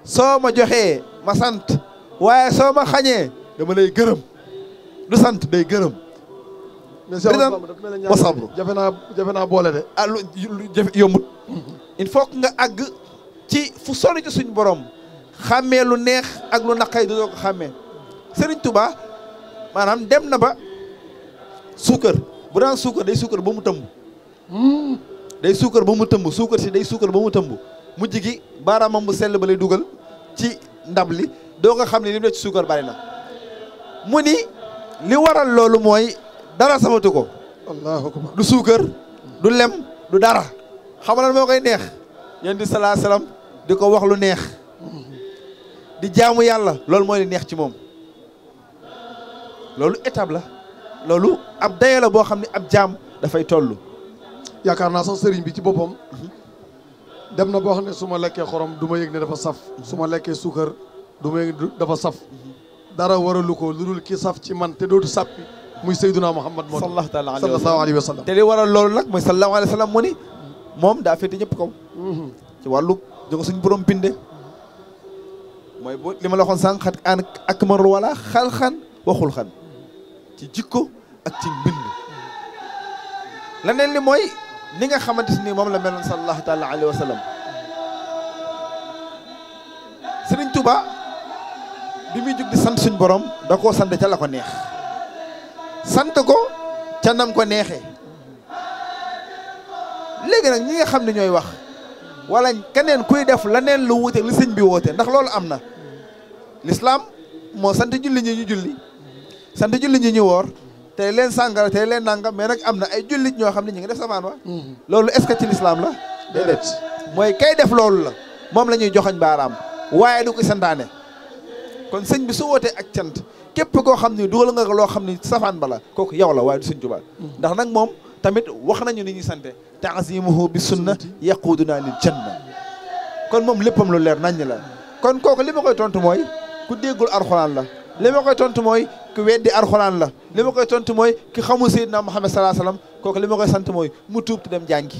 soo ma joxee ma sant waaye soo ma xañee dama lay gërëm du sant day gërëm. ridan wasabru jafe naa jafe naa boole de. ah lu jafe yombut. il faut nga àgg ci fu sori ci suñ borom xàmmee lu neex ak lu naqay du doo ko xàmmee Serigne Touba maanaam dem na ba suukar bu daan suukar day suukar ba mu tëmb. Hmm. day suukar ba mu tëmb suukar si day suukar ba mu tëmb mujj gi baaraamam bu sell ba lay dugal ci ndab li. doo nga xam ne li mu ci suukar bari na mu ni li waral loolu mooy dara sabatu ko allahu akbar du suukar du lem du dara xam lan moo koy neex yéen di salaa di ko wax lu neex di jaamu yàlla loolu mooy li neex ci moom loolu étape la loolu ab dayo la boo xam ne ab jaam dafay toll yaakaar naa sax sëriñ bi ci boppam mhm. dem na boo xam ne su ma lekkee xorom du ma yëg ne dafa saf mhm. su ma lekkee suukar du may dafa saf dara waralu ko lu dul ki saf ci man te dootu sàppi muy Seydina Muhammad moom sallallahu alayhi wa sallam te li waral loolu nag mooy sallallahu alayhi wa sallam mu moom daa féete ñëpp kaw mm-hmm. ci wàllu di suñ borom binde mooy bu li ma la waxoon sànq xat an akmaru wala xalxan xan ci jikko ak ci mbind leneen li mooy ni nga xamante ni moom la meloon sallallahu taala bi muy jug di sant suñ borom da koo sant ca la ko neex sant ko ca nam ko neexee léegi nag ñi nga xam ne ñooy wax wala keneen kuy def leneen lu wuute li sëñ bi woote ndax loolu am na lislaam moo sant julli ñi ñu julli sant julli ñi ñu woor te leen sàngara tey leen nangam mais nag am na ay jullit ñoo xam ne ñu ngi def safaan wa hmm. loolu est-ce que ci lislaam la mooy kay def loolu la moom la ñuy joxoñ baaraam waaye du koy santaane kon sëñ bi su wootee ak cant képp koo xam ni dugal nga loo xam ni safaan bala kooku yow la waaye du sëñ Tuubaa ndax nag moom tamit wax nañu ni ñuy sante ta'zimuhu bi sunna yaquduna lil janna kon moom léppam lu leer nañ la kon kooku li ma koy tontu mooy ku déggul arxuraan la li ma koy tontu mooy ku weddi arxuraan la li ma koy tontu mooy ki xamul Seydina Muhammad salaa salaam kooku li ma koy sant mooy mu tuub te dem jàngi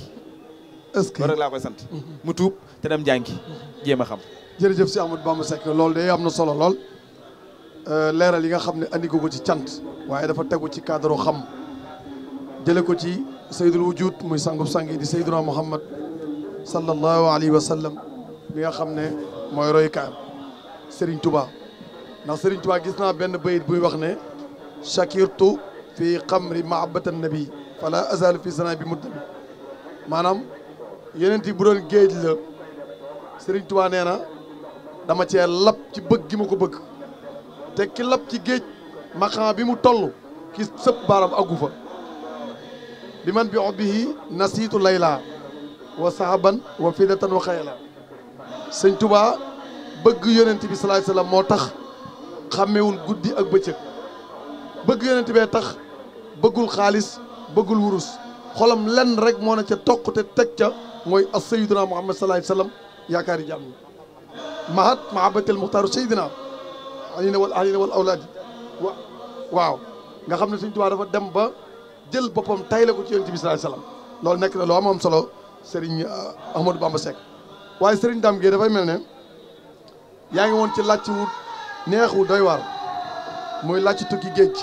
est-ce koy sant mu tuub te dem jéem a xam jërëjëf si Amadou Bamba Seck loolu day am na solo lool euh, leeral yi nga xam ne andi ko ci cant waaye dafa tegu ci cadre xam jële ko ci saydul wujud muy sangub sang yi di sayduna Muhammad sallallahu alayhi wa sallam bi nga xam ne mooy royukaayam Serigne Touba ndax Serigne Touba gis naa benn bayit buy wax ne shakirtu fi xamri mahabatan nabi fala azal fi sana bi muddabi maanaam yeneen ti bu doon géej la Serigne Touba nee na dama cee lab ci bëgg gi ma ko bëgg te ki lab ci géej maqan bi mu toll ki sëpp baaram aggu fa bi man bi obbihi nasiitu layla wa sahaban wa fidatan wa xayla sëñ tubaa bëgg yonent bi salaay salaam moo tax xàmmewul guddi ak bëccëg bëgg yonent bee tax bëggul xaalis bëggul wurus xolam lenn rek moo na ca toq te teg ca mooy as sayyiduna muhammad salaay salaam yaakaari jàmm ma mahabatel muxtaaru seydina alina wal alina wal awlaadi wa waaw nga xam ne Sëñ Tuubaa dafa dem ba jël boppam tayle ko ci yonent bi sallallaahu alayhi loolu nekk na lu am am solo Serigne uh, Ahmadou Bamba Seck waaye Serigne Dame Gueye dafay mel ne yaa ngi woon ci laaj wu neex wu doy waar muy làcc tukki géej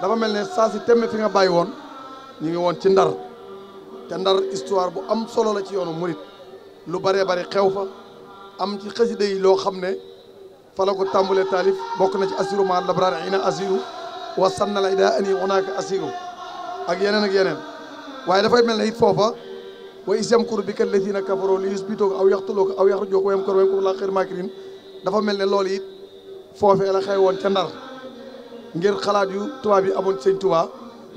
dafa mel ne saa si temme fi nga bàyyi woon ñu ngi woon ci ndar te ndar histoire bu am solo la ci yoonu murit lu bëree bëri xew fa am ci xasida yi loo xam ne fa la ko tàmbalee taalif bokk na ci asiru ma labraar ina asiru wa sannal ida ani onaaka asiru ak yeneen ak yeneen waaye dafay mel ne it foofa wa isyam kur bi kat lazina kafaro li yusbitooka aw yaxtulooka aw yaxrujooko wayam kor wayam ko la xeer makirin dafa mel ne loolu it foofee la xew woon ca ndar ngir xalaat yu tubaab yi amoon sëñ Tuubaa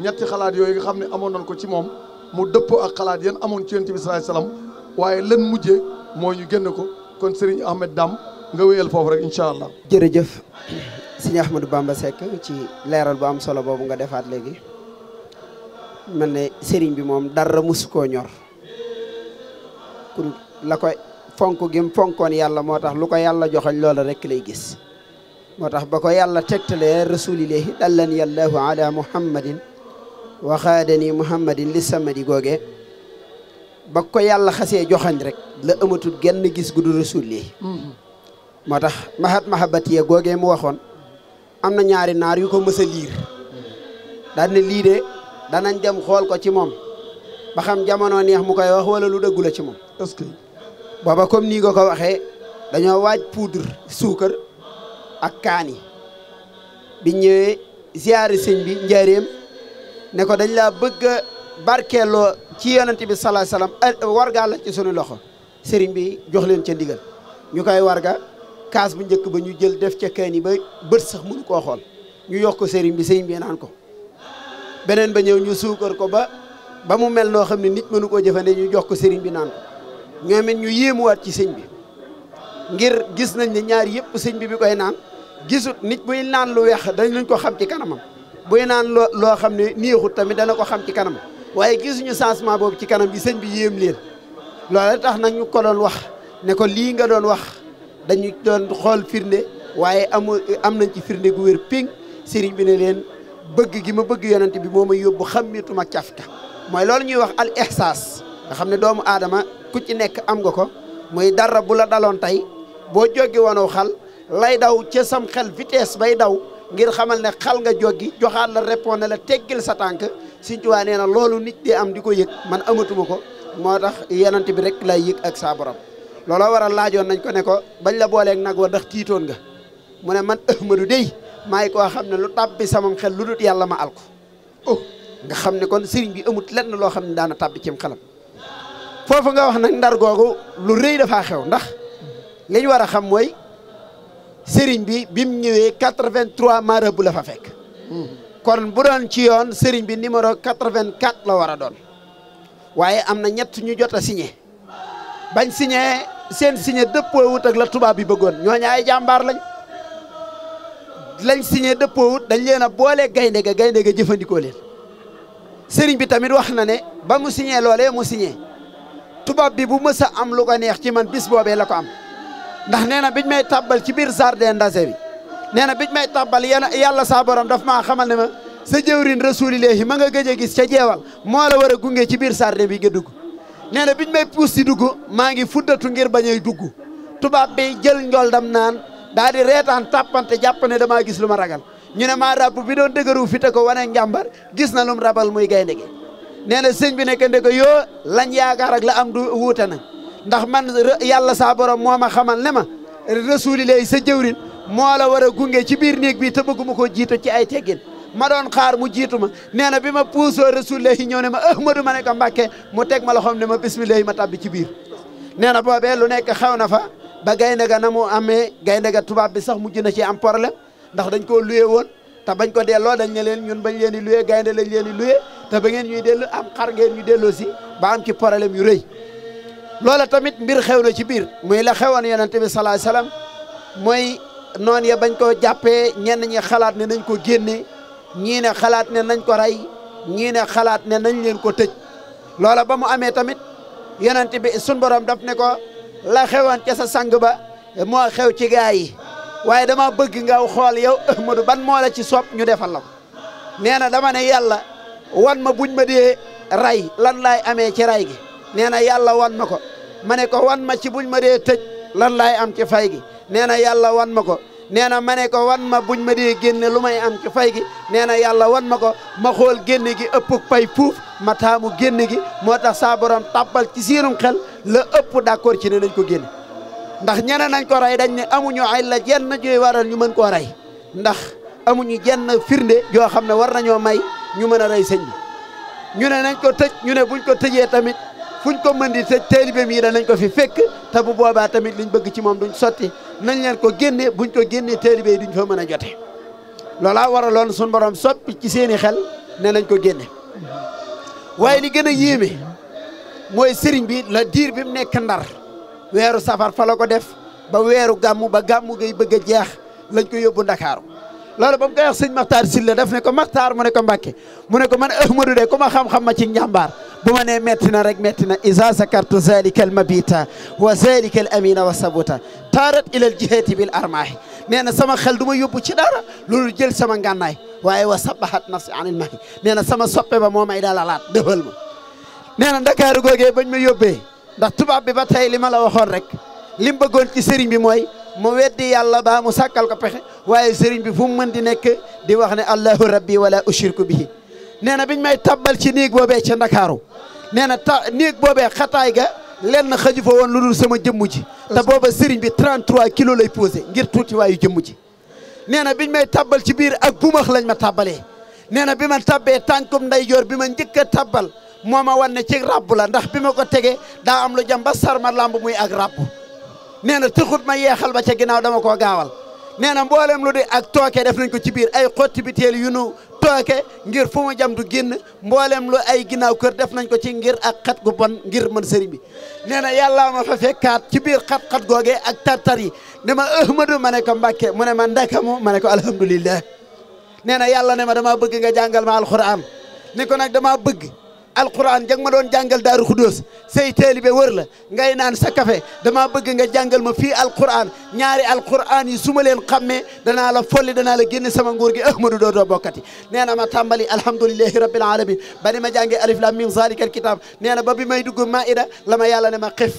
ñetti xalaat yooyu nga xam ne amoon nañ ko ci moom mu dëppoo ak xalaat yan amoon ci Yonent bi waaye lan mujje moo ñu génn ko kon Serigne Ahmed Dame nga wéyal foofu rek incha allah. jërëjëf Serigne Ahmadou Bamba Seck ci leeral bu am solo boobu nga defaat léegi mel ne Serigne bi moom dara mus koo ñor pour la koy fonk gi fonkoon yàlla moo tax lu ko yàlla joxoñ loola rekk lay gis. moo tax ba ko yàlla tegtalee rasulillahi dallan yallahu ala muhammadin waxaadani muhammadin li samadi googe ba ko yàlla xasee joxañ rek la amatul genn gis gu du rasul lii mm-hmm. moo tax mahat mahabat ye googee mu waxoon am na ñaari naar yu ko mës liir daal ne lii de danañ dem xool ko ci moom ba xam jamono neex mu koy wax wala lu dëggu ci moom est-ce que booba comme nii nga ko waxee dañoo waaj poudre suukar ak kaani bi ñëwee ziyaari sëñ bi njaareem ne ko dañ laa bëgg barkeeloo ci yonent bi salaay salaam eh, warga la ci sunu loxo sëriñ bi jox leen ca ndigal ñu koy warga kaas bu njëkk ba ñu jël def ca kaan yi ba bët sax mënu koo xool ñu yox ko sëriñ bi sëriñ bi naan ko beneen ba ñëw ñu suukar ko ba ba mu mel noo xam ne nit mënu koo jëfandee ñu jox ko sëriñ bi naan ko ñoom ñu yéemuwaat ci sëñ bi ngir gis nañ ne ñaar yëpp sëñ bi bi koy naan gisut nit buy naan lu weex dañ luñ ko xam ci kanamam buy naan loo loo xam ne niixut tamit dana ko xam ci kanamam waaye gisuñu changement boobu ci kanam bi sëñ bi yéem leen loola tax nag ñu ko doon wax ne ko lii nga doon wax dañu doon xool firnde waaye amu am nañ ci firnde gu wér ping sëriñ bi ne leen bëgg gi ma bëgg yonent bi moo ma yóbbu xàmmeetuma cafka mooy loolu ñuy wax al ihsaas nga xam ne doomu aadama ku ci nekk am nga ko mooy dara bu la daloon tey boo jóge woonoo xal lay daw ca sam xel vitesse bay daw ngir xamal ne xal nga joggi joxaat la répond la teggil sa tànk Sëñ Tuubaa nee na loolu nit di am di ko yëg man amatuma ko moo tax yenant bi rek lay yëg ak saa looloo waral laajoon nañ ko ne ko bañ la booleeg nag wa ndax tiitoon nga mu ne man Ahmadu dey maay ko xam ne lu tàbbi sama xel lu dut yàlla ma al ko oh, nga xam ne kon sëriñ bi amut lenn loo xam ne daana tàbbi cim xelam foofu nga wax nag ndar googu lu rëy dafaa xew ndax liñ war a xam mooy sëriñ bi bi mu ñëwee 83 marabu la fa fekk. kon bu doon ci yoon sëriñ bi numéro 84 la war a doon. waaye am na ñett ñu jot a signé bañ siñe seen signé dëppoo wut ak la tubaab bi bëggoon ñooñu ay jàmbaar lañ lañ signé dëppoo wut dañ leen a boole gaynde ga gaynde ga jëfandikoo leen. sëriñ bi tamit wax na ne ba mu signé loole mu signé tubaab bi bu mës am lu ko neex ci man bis boobee la ko am. ndax nee na biñ may tàbbal ci biir jardin ndase bi nee na biñ may tàbbal yéen yàlla saa borom daf maa xamal ne ma sa jëwrin rasulillahi ma nga gëj a gis ca jeewal moo la war gunge ci biir jardin bi ga dugg nee na biñ may puus si dugg maa ngi fuddatu ngir bañ a dugg tubaab bi jël njool dam naan daa di reetaan tàppante jàpp ne damaa gis lu ma ragal ñu ne maa ràbb bi doon dëgëru fi te ko wane njàmbar gis na lum rabal muy gaynde gi nee na sëñ bi nekk ndeko yoo lañ yaakaar ak la am wuute na ndax man yàlla saa borom moo ma xamal ne ma rasulilahi sa jëwrin moo la war a gunge ci biir néeg bi te bëgguma koo jiitu ci ay teggin ma doon xaar mu jiitu ma nee na bi ma puusoo rasulilahi ñëw ne ma ahmadu ma ne ko mbàkke mu teg ma loxoom ne ma bismillahi ma tabbi ci biir nee na boobee lu nekke xew na fa ba gaynde ga na mu amee gaynde ga tubaab bi sax mujj na ci am problème ndax dañ koo luye woon te bañ ko delloo dañ ne leen ñun bañ leen di luye gaynde lañ leen di luye te ba ñuy dellu am xar ngeen ñu delloo si ba am yu rëy loola tamit mbir xew na ci biir muy la xewoon yonente bi sallallahu alayhi mooy noon ya bañ koo jàppee ñenn ñi xalaat ne nañ ko génne ñii ne xalaat ne nañ ko rey ñii ne xalaat ne nañ leen ko tëj loola ba mu amee tamit yonente bi sun borom daf ne ko la xewoon ca sa sang ba moo xew ci gaa yi waaye dama bëgg nga xool yow Ahmadu ban moo la ci sopp ñu defal la ko nee na dama ne yàlla wan ma buñ ma dee rey lan laay amee ci rey gi nee na yàlla wan ma ko ma ne ko wan ma ci buñ ma dee tëj lan laay am ci fay gi nee na yàlla wan ma ko nee na ma ne ko wan ma buñ ma dee génne lu may am ci fay gi nee na yàlla wan ma ko ma xool génne gi ëpp pay fuuf ma taamu génne gi moo tax saa borom ci siinum xel la ëpp d'accord ci ne nañ ko génne ndax ñeneen nañ ko rey dañ ne amuñu ay la jenn juy waral ñu mën koo rey ndax amuñu jenn firnde joo xam ne war nañoo may ñu mën a rey sëñ bi nañ ko tëj ñu buñ ko tëjee tamit fuñ ko mën di te taalibeem yi nañ ko fi fekk te bu boobaa tamit liñ bëgg ci moom duñ sotti nañ leen ko génne buñ ko génnee taalibe yi duñ fa mën a jote loolaa waraloon suñ borom soppi ci seeni xel ne nañ ko génne waaye li gën a yéeme mooy sëriñ bi la diir bi mu nekk ndar weeru safar fa la ko def ba weeru gàmmu ba gàmmu ngay bëgg a jeex lañ ko yóbbu ndakaaru loolu ba mu koy wax sëñ Maxtaar Silla daf ne ko Maxtaar mu ne ko Mbàkke mu ne ko man Ahmadu de ku ma xam-xam ma ci njàmbaar bu ma nee metti na rek metti na isa sakartu zalika al mabita wa zalika al amina wa sabuta taarat ila al jihati bil armaahi nee na sama xel du ma yóbbu ci lu loolu jël sama ngànnaay waaye wa sabahat nafsi anil mahi nee na sama soppe ba moo may dalalaat defal ma nee na ndakaaru googee bañ ma yóbbee ndax tubaab bi ba tey li ma la waxoon rek li mu bëggoon ci sëriñ bi mooy mu weddi yàlla baa mu sàkkal ko pexe waaye sëriñ bi fu mu mën di nekk di wax ne allahu rabbi wala ushirku bihi nee na biñ may tabbal ci néeg boobee ca ndakaaru nee na ta néeg boobee xataay ga lenn xaju fa woon lu dul sama jëmm ji la booba sëriñ bi 33 kilos lay posé ngir tuuti waayu jëmm ji nee na biñ may tabbal ci biir ak bumax lañ ma tabbalee nee na bi ma tabbee tànkum ndeyjoor bi ma njëkk a tabbal moo ma wan ne ci ràbb la ndax bi ma ko tegee daa am lu jam ba sarma làmb muy ak nee na tëxut ma yeexal ba ca ginnaaw dama koo gaawal nee na mboolem lu di ak tooke def nañ ko ci biir ay xotti biteel yu nu tooke ngir fu mu jam du génn mboolem lu ay ginnaaw kër def nañ ko ci ngir ak xat gu bon ngir mën sëriñ bi nee na yàllaa ma fa fekkaat ci biir xat googe googee ak tartar yi ne ma ahmadu ma ne ko mbàkke mu ne ma ndakamu ma ne ko alhamdulillah nee na yàlla ne ma dama bëgg nga jàngal ma alxuraan ne ko nag dama bëgg alquran jang ma doon jàngal daaru xudóos say taalibe wër la ngay naan sa kafe dama bëgg nga jàngal ma fii alquran ñaari alquran yi su ma leen xammee danaa la folli danaa la génne sama nguur gi ahmadou doo doo bokkati nee na ma tàmbali alhamdulillahi rabbil alamin ba ni ma jàngee alif lam mim zalikal kitab nee na ba bi may dugg maida la ma yàlla ne ma xef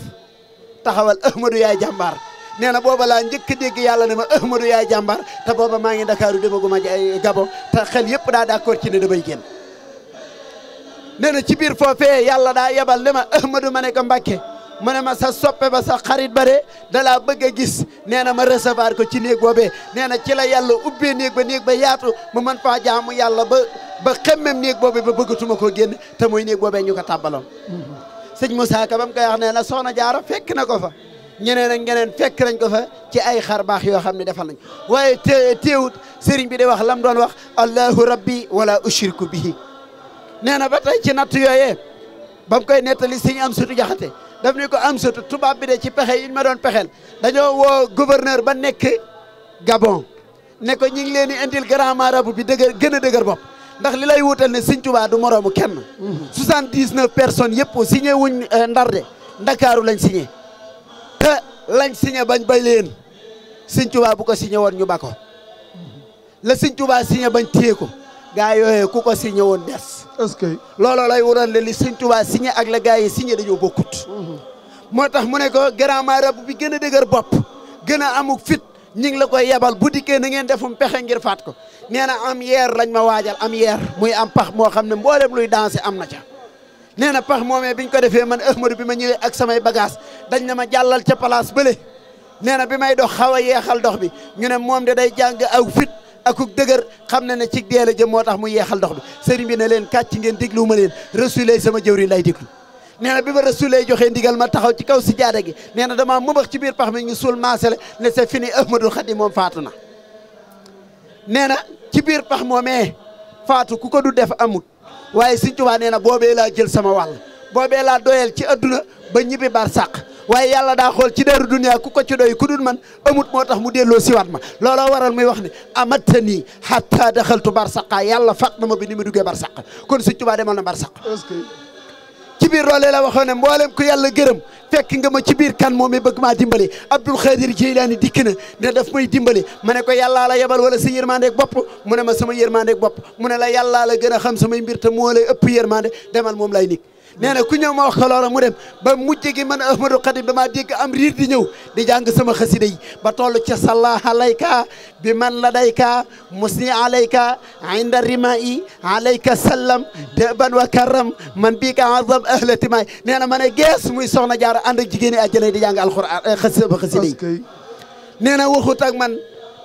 taxawal ahmadou yaay jàmbaar nee na booba laa njëkk dégg yàlla ne ma ahmadou yaay jàmbaar te booba maa ngi ndakaaru demaguma gabo te xel yëpp daa d'accord ci ne damay génn nee na ci biir foofee yàlla daa yebal ne ma Ahmadou ma ne ko Mbàkke mu ne ma sa soppe ba sa xarit ba de da laa bëgg a gis nee na ma recevoir ko ci néeg boobee nee na ci la yàlla ubbee néeg ba néeg ba yaatu ma mën faa jaamu yàlla ba ba xemmem néeg boobee ba bëggatuma ko génn te mooy néeg boobee ñu ko tàbbaloon sëñ Moussa Ka ba mu koy wax nee na soxna jaara fekk na ko fa ñeneen ak ñeneen fekk nañ ko fa ci ay xar baax yoo xam ne defal nañ waaye teewut sëriñ bi di wax lam doon wax allahu rabbi wala ushriku bihi nee na ba tey ci natt yooyee ba mu koy nettali sëñ am sutu jaxate daf ni ko am sutu tubaab bi de ci pexe yi ma doon pexeel dañoo woo gouverneur ba nekk Gabon ne ko ñu ngi leen di indil grand bi dëgër gën a dëgër bopp ndax li lay wutal ne sëñ Tuubaa du moroomu kenn mhm. soixante-dix-neuf personnes yëpp signé wuñ euh, Ndar de Ndakaaru lañ signé te lañ signé bañ bay leen sëñ Tuubaa bu ko signé woon ñu bako mhm. la sëñ Tuubaa signé bañ téye ko gaa yooyee ku ko signé woon des est ce que. looloo lay waral li Sëñ Tuubaa signé ak la gars yi signé dañoo bokkut. moo tax mu ne ko grand marabout bi gën a dëgër bopp gën a amuk fit ñi ngi la koy yebal bu dikkee na ngeen defum pexe ngir faat ko nee na am yeer lañ ma waajal am yeer muy am pax moo xam ne mboolem luy danser am na ca. nee na pax moomee biñ ko defee man Ahmadou bi ma ñëwee ak samay bagage dañ na ma jàllal ca place bële nee na bi may dox xaw a yeexal dox bi ñu ne moom de day jàng aw fit. akuk dëgër xam na ne ci dee la jëm moo tax mu yeexal ndox bi sëriñ bi ne leen kàcc ngeen diglu ma leen rasulay sama jëwriñ lay diglu nee na bi ma rasulay joxee ndigal ma taxaw ci kaw si jaada gi nee na damaa mëbax ci biir pax mi ñu suul maasale ne c'est fini Ahmadul Xadim moom faatu na nee na ci biir pax moomee faatu ku ko du def amut waaye Sëriñ Tuubaa nee na boobee laa jël sama wàll boobee laa doyal ci adduna ba ñibbi bar sàq waaye yàlla daa xool ci deeru dunia ku ko ci ku dul man amut moo tax mu delloo siwaat ma looloo waral muy wax ni a amatani hatta daxaltu barsaqa yàlla faq na ma bi ni mu duggee barsaqa kon Sëñ Tuubaa demal na barsaqa ci biir loolee la waxoon ne mboolem ku yàlla gërëm fekk nga ma ci biir kan moom mi bëgg maa dimbali Abdul Xaadir Jeylaani dikk na def daf may dimbali ma ne ko yàllaa la yebal wala sa yërmandeeg bopp mu ne ma sama yërmandeeg bopp mu ne la yàllaa la gën a xam samay mbir te moo lay ëpp demal moom lay nik nee na ku ñëw ma wax ko loola mu dem ba mujj gi man Ahmadou Khadim damaa dégg am riir di ñëw di jàng sama xasida yi ba toll ca salla alayka bi man la ladayka musni alayka inda rimai alayka sallam deban wa karam man bii ka azam ahla timaay nee na ma ne gees muy soxna jaar ànd ak jigéen yi àjjana di jàng alxuraan eh, sama xasida yi nee na waxut ak man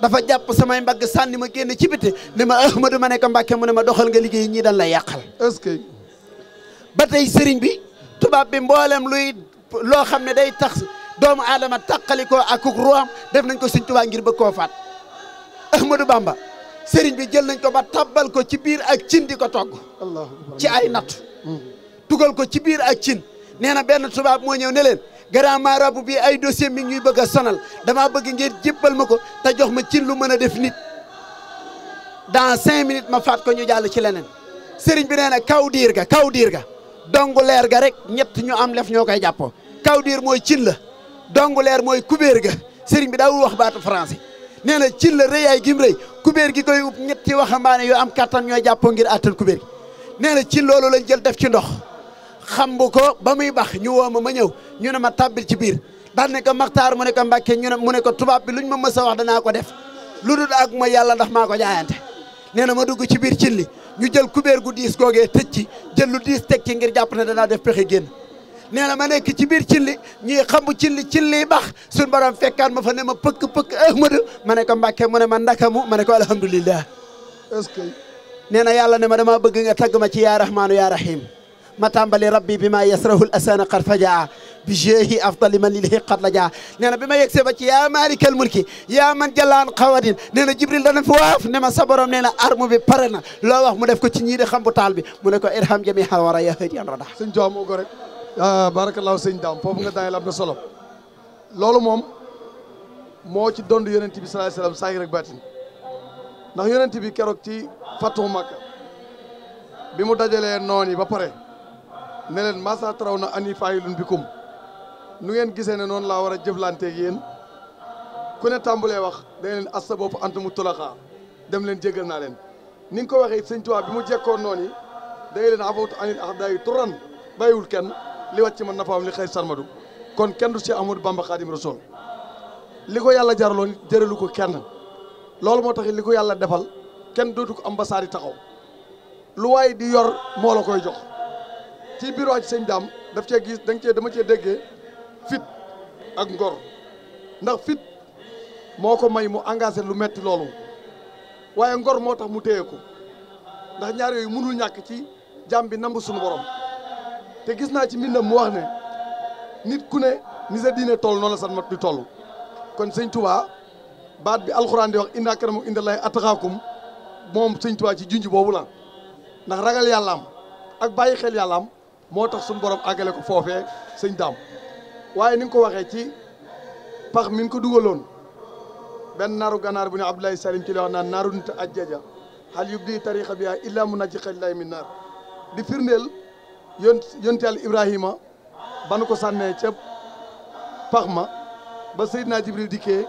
dafa jàpp samay mbagg sànni ma génn ci biti ni ma Ahmadou ma ne ko Mbàkke mu ne ma doxal nga liggéey ñii dañ la yàqal ba tey sëriñ bi tubaab bi mboolem luy loo xam ne day tax doomu aadama taqalikoo ko kuk ruwaam def nañ ko sëriñ ngir bëgg koo faat Ahmadou Bamba sëriñ bi jël nañ ko ba tabbal ko ci biir ak cin di ko togg ci ay natt mm. tugal ko ci biir ak cin nee na benn tubaab moo ñëw neleen leen grand marabout bi ay dossier mi ñuy bëgg a sonal damaa bëgg ngeen jébbal ma ko te jox ma cin lu mën a def nit dans cinq minute ma faat ko ñu jàll ci leneen sëriñ bi nee na kaw ga kaw diir ga dongu leer ga rek ñett ñu am lef ñoo koy jàpp kawdiir mooy cin la dongu leer mooy kubéer ga sëriñ bi daawul wax baatu français nee na cin la rëyaay gim rëy kubéer gi koy ub ñetti waxambaane yu am kàttan ñoo jàppoo ngir àttal kubéer gi nee na cin loolu lañ jël def ci ndox xam bu ko ba muy bax ñu woo ma ma ñëw ñu ne ma tàbbil ci biir daan ne ko maxtaar mu ne ko mbàkke mu ne ko tubaab bi luñ ma mës a wax danaa ko def lu dul ak mooy yàlla ndax maa ko jaayante nee na ma dugg ci biir cin li ñu jël kubéer gu diis googee tëj ci jël lu diis teg ci ngir jàpp ne danaa def pexe génn nee na ma nekk ci biir cilli ñuy xambu cilli cilli bax sun borom fekkaat ma fa ne ma pëkk pëkk ahmadu ma ne ko mbàkke mu ne ma ndakamu ma ne ko alhamdulillah est-ce nee na yàlla ne ma damaa bëgg nga tagg ma ci yaa rahmaanu yaa rahim ma tàmbali rabbi bi maa yasrahu l asana qad fajaa bi jeehi afdali man lil hiqat la jaa nee na bi ma yegsee ci yaa maalikal mulki yaa man jalaan xawadin nee na jibril dana fi waaf ne ma sa borom nee na arme bi pare loo wax mu def ko ci ñii de xam bu taal bi mu ne ko irham jami xawara ya hëdiyan rada sëñ ko rek ah, barakallahu sëñ daam foofu nga daaneel am na solo loolu moom moo ci dond yonent bi sallallahu alayhi wasallam saahir ak baatin ndax yonent keroog ci fatu Makka bi mu dajalee noon yi ba pare ne leen masa taraw na ani bi bikum nu ngeen gisee ne noonu laa war a jëflanteeg yéen ku ne tàmbulee wax da leen as sa bopp ant mu tulaxaa dem leen jégal naa leen ni nga ko waxee sëñ Tuubaa bi mu jekkoon noonu yi day leen abawtu anit ax dayi turan bàyyiwul kenn li wàcc man nafaam li xëy sarmadu kon kenn du si Amadou Bamba Xaadim Rasuul li ko yàlla jaraloon jëralu ko kenn loolu moo tax li ko yàlla defal kenn dootu ko ambassade yi taxaw lu waaye di yor moo la koy jox ci bureau ci sëñ daam daf cee gis da cee dama cee déggee fit ak ngor ndax fit moo ko may mu engagé lu metti loolu waaye ngor moo tax mu téye ko ndax ñaar yooyu mënul ñàkk ci jàmm bi namb suñu borom te gis naa ci mbindam mu wax ne nit ku ne ni sa diine toll noonu la san di toll kon sëñ Touba baat bi alxuraan di wax inna akramakum indallahi atqaakum moom sëñ Touba ci junj boobu la ndax ragal yàllaam ak bàyyi xel yàllaam moo tax suñu borom àggale ko foofee sëñ daam waaye ni nga ko waxee ci pax min ko dugaloon benn naaru ganaar bu ne Abdoulaye Salim ci li wax naan naaru nit ajjaja xal yub di tarixa bi illa mu najji xajlaay min naar di firndeel yon yonte yàlla Ibrahima ba nu ko sànnee ceb pax ma ba Seydina Jibril dikkee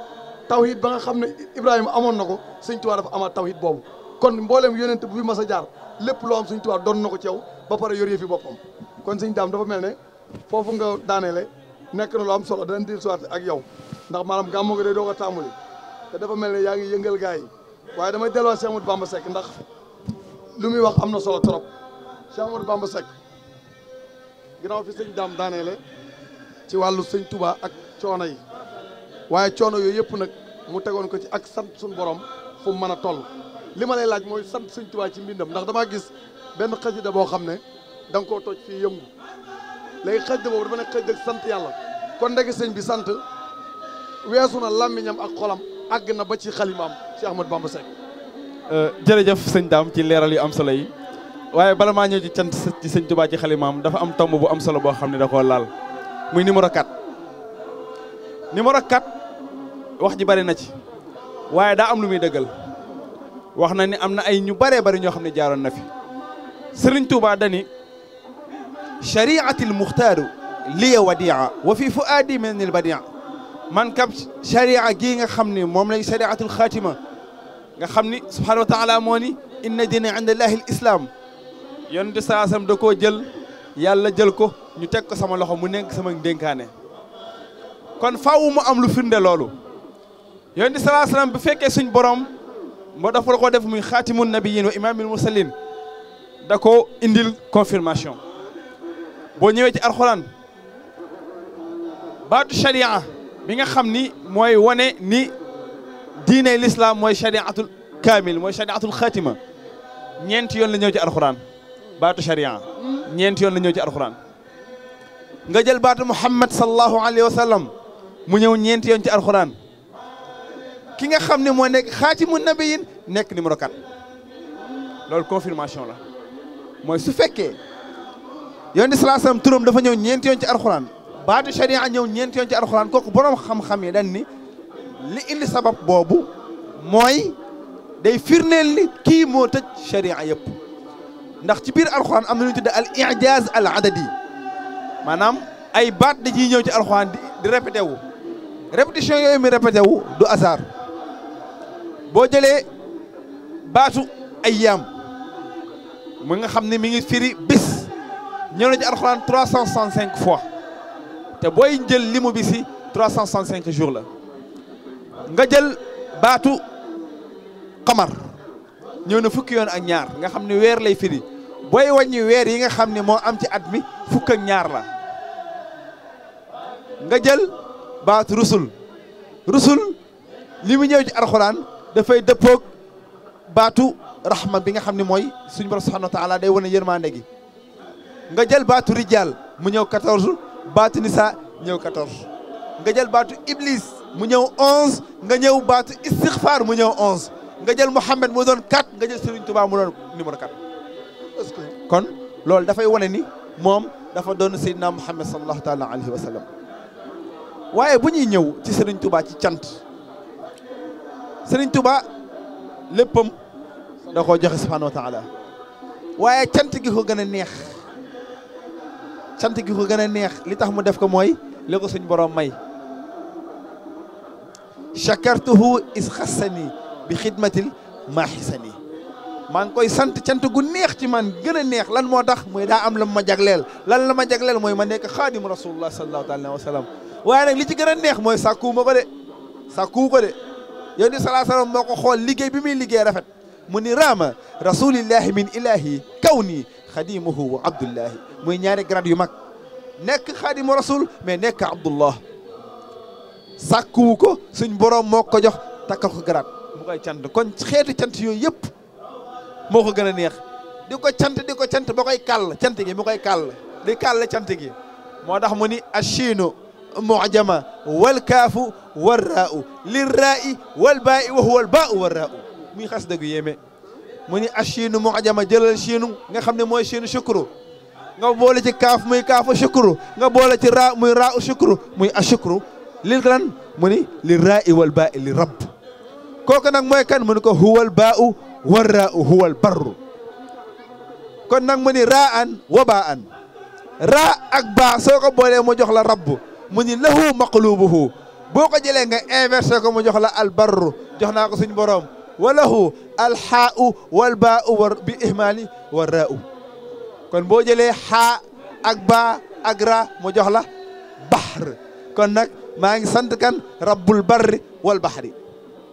tawhid ba nga xam ne Ibrahima amoon na ko sëñ Tuubaa dafa amaat tawhid boobu kon mboolem yonent bu fi mas a jaar lépp loo am sëñ Tuubaa doon na ko ci yow ba pare yor yëfi boppam kon sëñ daam dafa mel ne foofu nga daaneele nekk na lu am solo danañ dir soit ak yow ndax maa maanaam gàmmu nga day doog a tàmbali te dafa mel ne yaa ngi yëngal gaa yi waaye damay delloo Cheikh Amadou Bamba Seck ndax lu muy wax am na solo trop Cheikh Amadou Bamba Seck ginnaaw fi sëñ daam daaneele ci wàllu sëñ Touba ak coono yi waaye coono yooyu yëpp nag mu tegoon ko ci ak sant suñu borom fu mu mën a toll li ma lay laaj mooy sant sëñ Touba ci mbindam ndax damaa gis benn xasida boo xam ne da nga koo fii yëngu léegi xëj da boobu dafa nekk xëj sant yàlla kon ndeke sëñ bi sant weesu na làmmiñam ak xolam àgg na ba ci xalimaam ci Ahmad Bamba Seck euh, jërëjëf sëñ daam ci leeral yu am solo yi waaye bala maa ñëw ci sant ci sëñ Tuubaa ci xalimaam dafa am tomb bu am solo boo xam ne da koo laal muy numéro 4 numéro kat wax ji bari na ci waaye daa am lu muy dëggal wax na ni am na ay ñu baree bari ñoo xam ne jaaroon na fi Sëriñ Tuubaa شريعتي المختار liya wadiya wa fi fuaadi min man kam sharia gii nga xam ni moom lay shariatul xaatima nga xam ni subhaanahu wa taala moo inna diina islaam yonent saasam da koo jël yàlla jël ko ñu teg ko sama loxo mu nekk sama dénkaane kon faaw mu am lu firnde loolu yonent salaa salaam bu fekkee suñ borom moo dafa ko def muy xaatimun nabiyin wa imaamil mursalin da ko indil confirmation boo ñëwee ci alxuraan baatu sharia bi nga xam ni mooy wane ni diine l'islam mooy shariatul kaamil mooy shariatul xaatima ñeenti yoon la ñëw ci alxuraan baatu sharia ñeenti yoon la ñëw ci alxuraan nga jël baatu muhammad sallallahu alayhi wa sallam mu ñëw ñeenti yoon ci alxuraan ki nga xam ne mooy nekk xaatimu nabiyin nekk numéro 4 loolu confirmation la mooy su fekkee yonent salaa salaam turam dafa ñëw ñeenti yoon ci baatu sharia ñëw ñeenti yoon ci alxuraan kooku borom xam-xam yi dañ ni li indi sabab boobu mooy day firneel ni kii moo tëj sharia yëpp ndax ci biir alxuraan am na lu ñu tuddee al ijaaz al adadi maanaam ay baat da ciy ñëw ci alxuraan di répété wu yooyu mi répété wu du hasard boo jëlee baatu ayyaam mu nga xam ne mi ngi firi ñëw na ci alxuraan 365 fois te booy jël limu bi si 365 jours la nga jël baatu xamar ñëw na fukki yoon ak ñaar nga xam ni weer lay firi booy wàññi weer yi nga xam ne moo am ci at mi fukk ñaar la nga jël baatu rusul rusul li mu ñëw ci alxuraan dafay dëppoog baatu rahma bi nga xam ne mooy suñu borom subhanahu wa taala day wane yërmande gi nga jël baatu rijal mu ñëw 14 baatu nisa ñëw 14 nga jël baatu iblis mu ñëw 11 nga ñëw baatu istighfar mu ñëw 11 nga jël Mouhamed mu doon 4 nga jël Serigne Touba mu doon numéro 4. est-ce que kon loolu dafay wane ni moom dafa doon Seydina Mouhamed sallallahu taala alayhi wa sallam waaye bu ñuy ñëw ci Serigne Touba ci cant sëriñ Touba léppam da koo joxe subhanahu wa taala waaye cant gi ko neex. cant gi ko gën a neex li tax mu def ko mooy li ko suñ borom may chakartuhu is xassani bi xidmatil maaxisani maa ngi koy sant cant neex ci man gën a neex lan moo tax mooy daa am la ma jagleel lan la ma jagleel mooy ma nekk xaadim rasulullah sallallahu alayhi wa sallam waaye li ci gën a neex mooy sàkkuwu ma ko de sàkkuwu ko de yow di salaa moo ko xool liggéey bi muy liggéey rafet mu ni raama rasulillahi min ilahi kaw nii xadimuhu wa abdullahi muy ñaari grade yu mag nekk xadimu rasul mais nekk abdullah sàkkuwu ko suñ boroom moo ko jox takkal ko grade mu koy cant kon xeetu cant yooyu yëpp moo ko gën a neex di ko cant di ko cant ba koy kàll cant gi mu koy kàll di kàll cant gi moo tax mu ni achiinu mujama walkaafu warraau lirraai walbaai wa huwa albaau warraau muy xas dëgg yéeme mu ni achiinu moo ajama jëlal chiinu nga xam ne mooy chiinu shukru nga boole ci kaaf muy kaafu shukru nga boole ci raa muy raa u shukru muy ashukru lil lan mu ni li raa i wal baa i li rab kooku nag mooy kan mu ni ko huwal baa u war raa u huwal barru kon nag mu ni raa an wa baa an raa ak baa soo ko boolee mu jox la rabb mu ni lahu maqlubuhu boo ko jëlee nga inversé ko mu jox la albarru jox naa ko suñ boroom walahu alxaau walbaau war bi ihmaali war kon boo jëlee xaa ak baa ak raa jox la bahr kon nag maa ngi sant kan rabbul barri wal bahri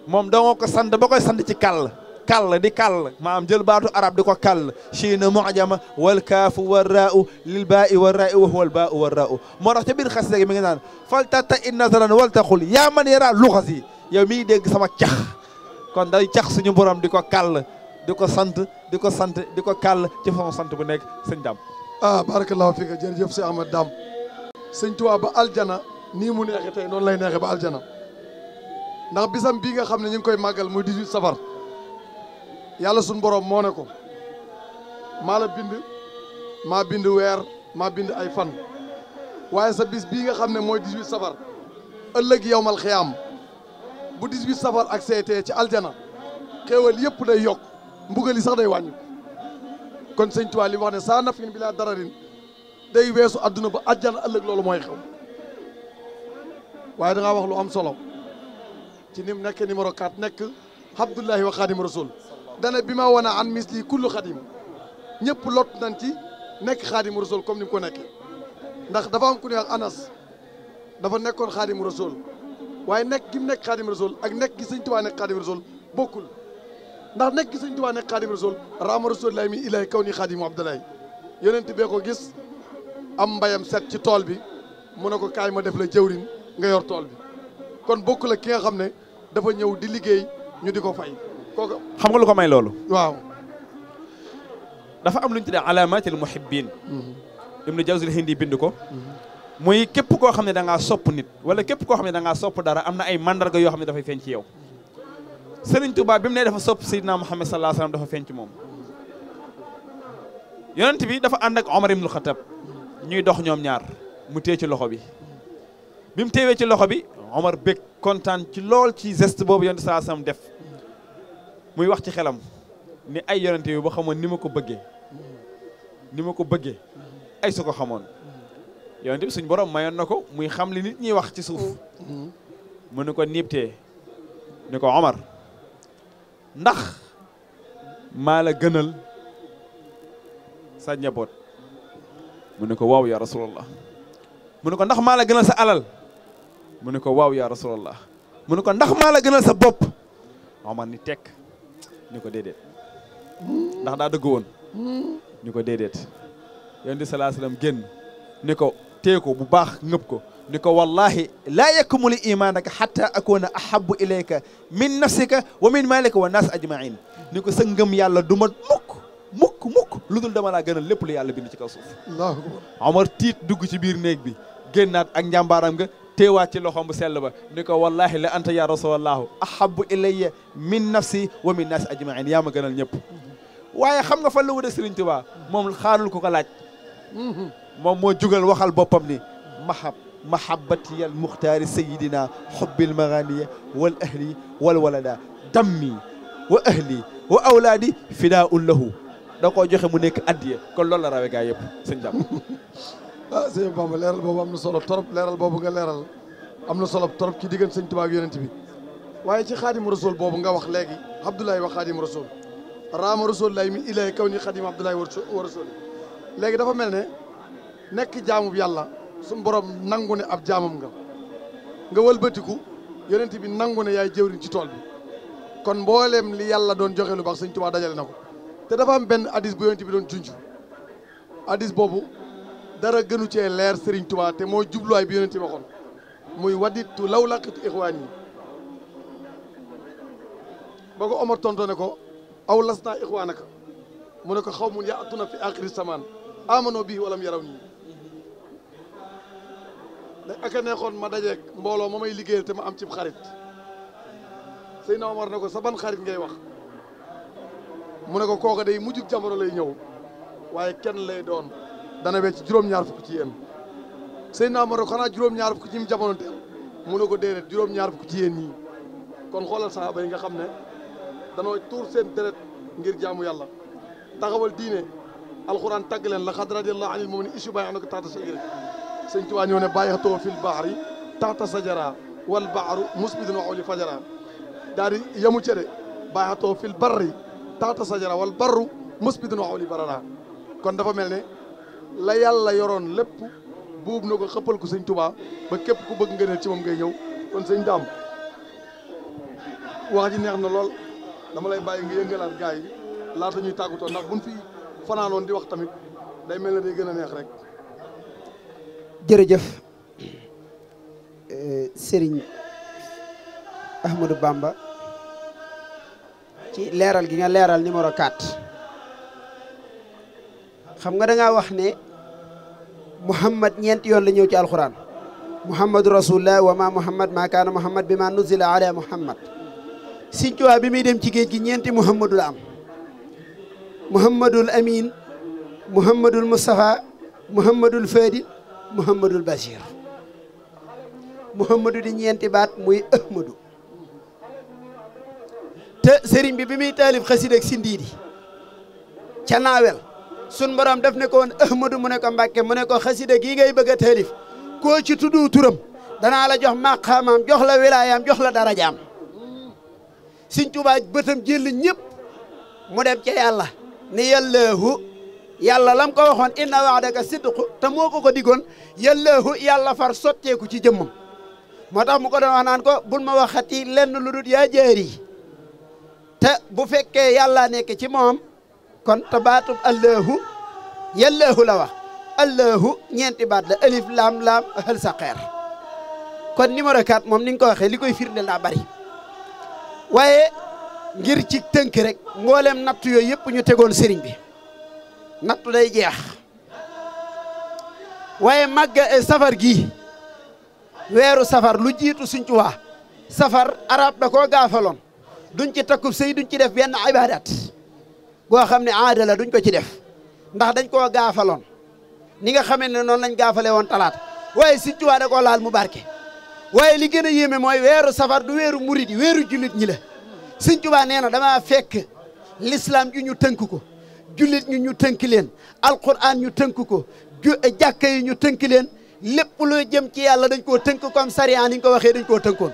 moom doo ko sant boo koy sant ci kàll kàll di kàll maam jël baatu arab di ko kàll chiina mojama wal kaafu war raau lil baai war wa huwa al baau war raau moo tax ca biir xasida gi mi ngi naan faltatta in nazaran wal taqul yaa man yara luxas yi yow mi ngi dégg sama cax kon day cax suñu borom di ko kàll di ko sant di ko sant di ko kàll ci façon sant bu nekk sëñ Dame ah barakallahu fiika jërëjëf si Ahmad Dame sëñ Tuubaa ba aljana nii mu neexe tey noonu lay neexe ba aljana ndax bisam bii nga xam ne ñu ngi koy màggal muy 18 safar yàlla suñu borom moo ne ko maa la bind maa bind weer maa bind ay fan waaye sa bis bii nga xam ne mooy 18 safar ëllëg yowmal xiyaam bu 18 safar ak seetee ci aljana xéewal yëpp day yokk mbugal yi sax day wàññu kon sëñ Tuubaa li wax ne saa nafin bi laa dararin day weesu adduna ba ajjana ëllëg loolu mooy xew waaye da wax lu am solo ci nim nekk numéro 4 nekk Abdullahi wa Xaadim Rasul dana bi ma wana an misli kullu xadim ñëpp lot nañ ci nekk Xaadim Rasul comme ni ko nekkee ndax dafa am ku ñuy wax Anas dafa nekkoon Xaadim Rasul waaye nekk gi mu nekk xaadim rasul ak nekk gi sëñ tubaa nekk xaadim rasul bokkul ndax nekk gi sëñ tubaa nekk xaadim rasul raama rasulillahi min ilahi kaw ni xaadimu abdalahi yonent bee ko gis am mbayam set ci tool bi mu ne ko kaay ma def la jëwrin nga yor tool bi kon bokkul ak ki nga xam ne dafa ñëw di liggéey ñu di ko fay kooku xam nga lu ko may loolu waaw dafa am lu ñu tuddee alaamatil muhibbin mm-hmm. ibnu jawzil hindi bind ko mm-hmm. muy képp koo xam ne da ngaa sopp nit wala képp koo xam ne da ngaa sopp dara am na ay mandarga yoo xam ne dafay feeñ ci yow Serigne Touba bi mu ne dafa sopp Seydina Muhammad sallallahu alayhi wa sallam dafa feeñ ci moom yonent bi dafa ànd ak Omar ibn Khattab ñuy dox ñoom ñaar mu téye ci loxo bi bi mu téewee ci loxo bi Omar bég kontaan ci lool ci geste boobu yonent sallallahu alayhi def muy wax ci xelam ni ay yonent bi ba xamoon ni ma ko bëggee ni ma ko bëggee ay su xamoon yonent bi suñ borom mayoon na ko muy xam li nit ñiy wax ci suuf mu ni ko niibtee ni ko Omar ndax maa la gënal sa njaboot mu ne ko waaw ya rasulallah mu ne ko ndax maa la gënal sa alal mu ne ko waaw ya rasulallah mu ne ko ndax maa la gënal sa bopp Omar ni tek ni ko déedéet ndax daa dëgg woon ni ko déedéet yonent bi salaa génn ni ko téye ko bu baax ngëb ko ni ko wallahi laa yakmulu imaanaka xatta akoona ahabu ilayka min nafsika wa min malika wa naas ajmain ni ko sa yàlla du mat mukk mukk lu dul dama laa gënal lépp lu yàlla bind ci kaw suuf tiit dugg ci biir néeg bi génnaat ak njàmbaaram nga teewaat ci loxoom bu sell ba ni ko wallahi anta ya rasulallahu ahabu ilayya min nafsi wa min naas ajmain yaa gënal ñëpp waaye xam nga fan la wute Sëriñ Tuubaa moom xaarul ko ko moom moo jugal waxal boppam ni mahab mahabati al muxtaari sayidina xubbil maganiya wal ahli wal da dammi wa ahli wa awlaadi fidaun lahu da koo joxe mu nekk addiye kon loolu la rawe gaa yëpp sëñ dam ah sëñ Bamba leeral boobu am na solo trop leeral boobu nga leeral am na solo trop ci diggante sëñ Tuubaa ak yonent bi waaye ci xaadimu rasul boobu nga wax léegi Abdoulaye wax xaadimu rasul raama rasul lay mi ilay kaw ni xadim léegi dafa nekk jaamub yàlla suñu borom nangu ne ab jaamam nga nga wëlbatiku yonent bi nangu ne yaay jëwriñ ci tool bi kon mbooleem li yàlla doon joxe lu baax sëñ Tuubaa dajale na ko te dafa am benn hadis bu yonent bi doon junj addis boobu dara gënu cee leer Serigne Touba te mooy jubluwaay bi yonent bi waxoon muy waditu law laqitu ixwaan yi ba ko Omar ko aw las naa ixwaanaka mu ne ko xaw mun na fi axiri samaan amano bii walam yaraw nii ak a neexoon ma dajeeg mbooloo ma may liggéeyal te ma am cib xarit Seydina Omar ne ko sa ban xarit ngay wax mu ne ko kooka day mujjug jamono lay ñëw waaye kenn lay doon dana wecc juróom-ñaar fukk ci yéen Seydina Omar ne ko xanaa juróom-ñaar fukk ci mu jamono mu ne ko déedéet juróom-ñaar ci yéen ñii kon xoolal saxaaba yi nga xam ne danoo tuur seen deret ngir jaamu yàlla taxawal diine alxuraan tàgg leen la xad radiyallahu anil mu'minin isu bàyyi na ko taata sa sëñ Tuubaa ñëw ne bàyyatoo fil bahri taxta sajara wal bahru musbidun wa awli fajara daal di yamu cere bàyyatoo fil barri taxta sajara wal barru musbidun wa awli barara kon dafa mel ne la yàlla yoroon lépp buub na ko xëppal ko sëñ Tuubaa ba képp ku bëgg ngëneel ci moom ngay ñëw kon sëñ daam wax ji neex na lool dama lay bàyyi nga yëngalaat gars yi laata ñuy tàggatoo ndax buñ fi fanaanoon di wax tamit day mel ne day gën a neex rek jërëjëf eh, Serigne Ahmadou Bamba ci leeral gi nga leeral numéro 4 xam nga da wax ne Muhammad ñeenti yoon la ñëw ci alxuraan Muhammadu rasulullah wa ma Muhammad ma kaana Muhammad bi ma nuzila ala Muhammad Sëñ bi muy dem ci géej gi ñeenti Muhammadu la am Muhammadul Amin Muhammadul Mustafa muhammadul bashir muhammadu di ñeenti baat muy ahmadu te sëriñ bi bi muy taalif xasida ak sindiidi ca naawel sun borom def ne ko woon ahmadu mu ne ko mbàkke mu ne ko xasida gii ngay bëgg a taalif koo ci tuddu turam danaa la jox maqaamaam jox la wilaayaam jox la darajaam Sëriñ Tuubaa bëtam jël ñëpp mu dem ca yàlla ni yàllaahu yàlla lam ko waxoon inna wa'daka sidq te moo ko ko digoon yàllaahu yàlla far sotteeku ci jëmmam moo tax mu ko doon wax naan ko bul ma waxati lenn lu dul yaa jaari te bu fekkee yàlla nekk ci moom kon te baatub allahu yàllaahu la wax allahu ñeenti baat la alif laam laam hal saqeer kon numéro 4 moom ni nga ko waxee li koy firndeel daa bari waaye ngir ci tënk rek mboolem natt yooyu yëpp ñu tegoon sëriñ bi nattu day jeex waaye màgga eh, safar gi weeru safar lu jiitu Sëñ safar arab da koo gaafaloon duñ ci takkub sëy duñ ci def benn ibadat goo xam ne aada la duñ ko ci def ndax dañ koo gaafaloon ni nga xamee ne noonu lañ gaafale woon talaata waaye Sëñ da koo laal mu barke waaye li gën a yéeme mooy weeru safar du weeru murid yi weeru jullit ñi la Sëñ Tuubaa nee na damaa fekk lislaam ju ñu tënku ko jullit ñu ñu tënk leen al alquran ñu tënk ko ju eh, jàkka yi ñu tënk leen lépp lu jëm ci yàlla dañ koo tënk ko sariyaan ni ñu ko waxee dañ koo tënkoon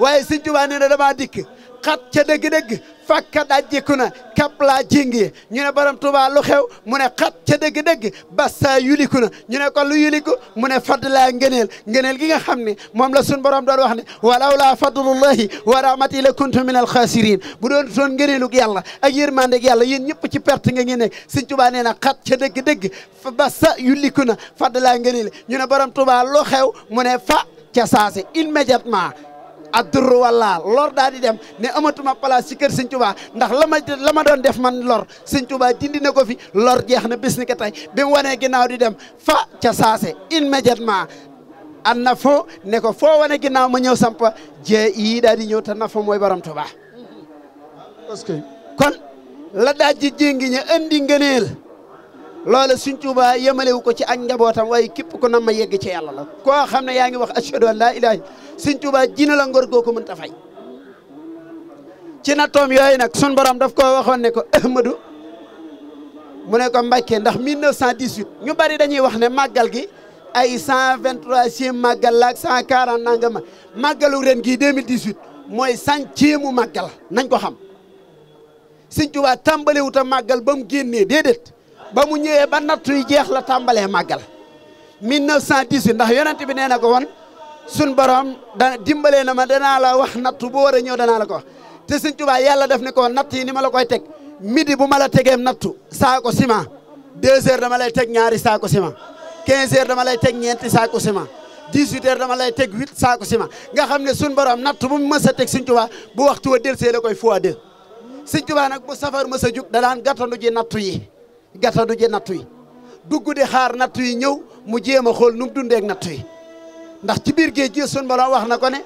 waaye Sëñ Tuubaa nee na dikk xat ca dëgg-dëgg fakka dajjiku na kap laa jingi ñu ne borom Tuuba lu xew mu ne xat ca dëgg-dëgg bassa yuliku na ñu ne ko lu yuliku mu ne fadlaa ngëneel ngeneel gi nga xam ne moom la sun borom doon wax ne walaw laa fadlullahi wa rahmati la kuntu min alxaasirin bu doon toon ngëneelug yàlla ak yërmandeg yàlla yéen ñëpp ci perte nga ngeen nekk Sëñ Tuuba nee na xat ca dëgg-dëgg bassa yuliku na fadlaa ngëneel ñu ne borom Tuuba lu xew mu ne fa ca saase immédiatement adduru walla lor daa di dem ne amatuma place ci kër sëñ ndax la ma la ma doon def man lor sëñ Tuubaa dindi na ko fi lor jeex na bis ni ko tey bi mu wanee ginnaaw di dem fa ca saase immédiatement an na fo ne ko foo wane ginnaaw ma ñëw sampa jee yii daa di ñëw ta na fa mooy borom Tuubaa parce kon la daaj ji jéngi ña andi ngëneel loola suñ Tuuba yemalewu ko ci ak njabootam waaye képp ko nam ma yegg ci yàlla la koo xam ne yaa ngi wax a an laa ilaaha suñ Tuuba jina la ngor goo ko mën ta fay ci nattoom yooyu nag sun borom daf ko waxoon ne ko Ahmadou mu ne ko Mbàkke ndax 1918 ñu bari dañuy wax ne màggal gi ay 123e màggal la ak 140 nangama màggalu ren gii 2018 mooy centième mu màggal nañ ko xam suñ Tuuba tàmbaliwut a màggal ba mu génnee déedéet ba mu ñëwee ba nattu yi jeex la tàmbalee màggal 1918 ndax yonent bi nee na ko woon sun borom da dimbalee na ma danaa la wax nattu boo war ñëw danaa la ko wax te Sëñ Tuubaa yàlla def ne ko natt yi ni ma la koy teg midi bu ma la tegeem nattu saako ciment deux heures dama lay teg ñaari saako ciment quinze heures dama lay teg ñeenti saako ciment dix-huit dama lay teg huit saako ciment nga xam ne sun borom nattu bu mu mës a teg Sëñ Tuubaa bu waxtu wa del see la koy fois deux Sëñ nag bu safar mës a jug da daan gàttandu ji nattu yi gasadu ji nattu yi dugg xaar nattu yi ñëw mu jéem a xool nu mu dundee ak ndax ci biir géej gi sun borom wax na ko ne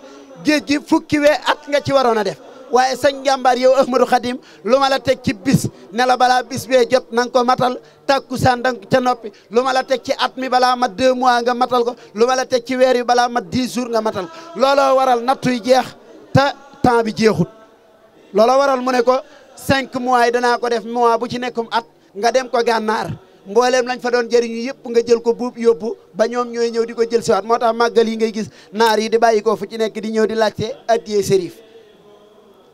géej gi fukki wee at nga ci waroon a def waaye sañ njàmbaar yow Ahmadou Khadim lu ma a teg ci bis ne la balaa bis bee jot na nga ko matal tàkkusaan danga ca noppi lu ma la teg ci at mi balaa mat deux mois nga matal ko lu ma la teg ci weer yi balaa mat dix jours nga matal looloo waral nattu yi jeex ta temps bi jeexut looloo waral mu ne ko yi danaa ko bu ci nekkum at nga dem ko gànnaar mboolem lañ fa doon jëriñu yëpp nga jël ko buub yóbbu ba ñoom ñëw di ko jël si siwaat moo tax màggal yi ngay gis naar yi di bàyyi ko fu ci nekk di ñëw di laajte addiyee sérif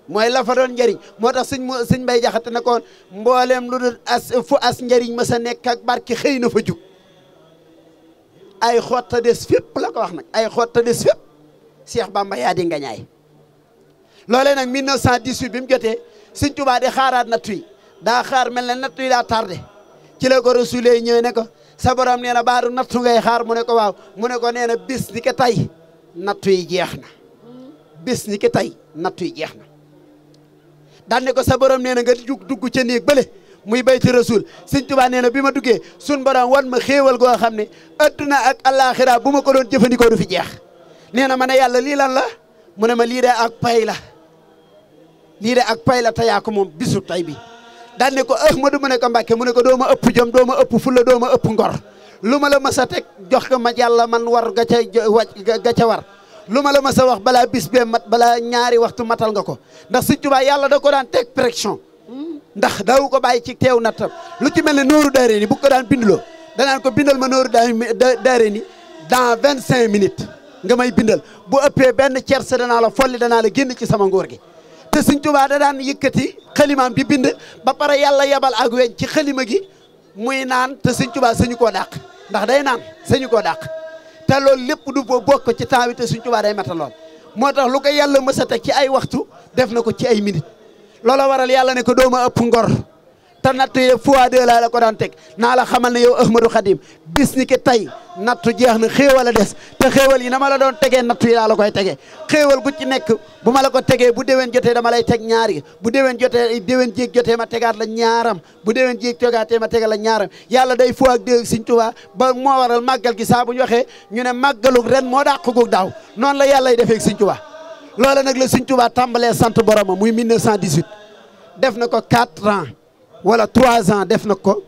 mooy la fa doon njëriñ moo tax sëñ sëñ mbay jaxate na koon mbooleem lu dul as fu as njëriñ ma sa nekk ak barke xëy na fa jug ay xotta des fépp la ko wax nag ay xotta des fépp Cheikh Bamba yaa di ngañaay loolee nag 1918 bi mu jotee sëñ Tuubaa di xaaraat na tuy daa xaar mel ne nattu yi daa tardé ci la ko rasulee ñëwee ne ko sa borom nee na baaru nattu ngay xaar mu ne ko waaw mu ne ko nee na bis ni ki tey nattu yi jeex na bis ni ki tey nattu yi jeex na daan ko sa borom nee na nga jug dugg ca néeg bële muy bayti rasul sëñ Tuubaa nee na bi ma duggee sun borom wan ma xéewal goo xam ne adduna ak àllaaxira bu ma ko doon jëfandikoo du fi jeex nee na ma ne yàlla lii lan la mu ne ma lii de ak pay la lii de ak pay la te moom bisu tay bi daan ko ko Ahmadu mu ne ko Mbàkke mu ne ko doo ma ëpp jom doo ma ëpp fulla doo ma ëpp ngor lu ma la mas teg jox ko ma yàlla man war ga ca wàcc ga ca war lu ma la mas a wax balaa bis bee mat balaa ñaari waxtu matal nga ko ndax Sëñ Tuubaa yàlla da ko daan teg pression ndax daawu ko bàyyi ci teew nattam lu ci mel ne nooru daare ni bu ko daan bindloo danaan ko bindal ma nooru daare ni dans vingt cinq minutes nga may bindal bu ëppee benn cerse danaa la folli danaa la génn ci sama ngóor gi te sëñ da daan yëkkati xalimaam bi bind ba pare yàlla yabal ak weñ ci xalima gi muy naan te sëñ Tuubaa sañu koo dàq ndax day naan sañu koo dàq te loolu lépp du ko bokk ci temps bi te sëñ day matal lool moo tax lu ko yàlla mës a ci ay waxtu def na ko ci ay minute loola waral yàlla ne ko dooma ëpp ngor te natt yi fois deux laa la ko daan teg naa la xamal ne yow Ahmadou Khadim bis ni ki tey nattu jeex na xéewal a des te xéewal yi na ma la doon tegee nattu yi laa la koy tegee xéewal gu ci nekk bu ma la ko tegee bu déwén jotee dama lay teg ñaari bu déwén jotee déwén jéeg jotee ma tegaat la ñaaram bu déwén jéeg tegaatee ma tegal la ñaaram yàlla day fois ak deux ak Sëñ ba moo waral màggal gi saa bu ñu waxee ñu ne màggalug ren moo dàqugug daaw noonu la yàlla y defee ak Sëñ Tuubaa loola nag la Sëñ Tuubaa tàmbalee sant boroma muy 1918 def na ko 4 ans wala trois ans def na ko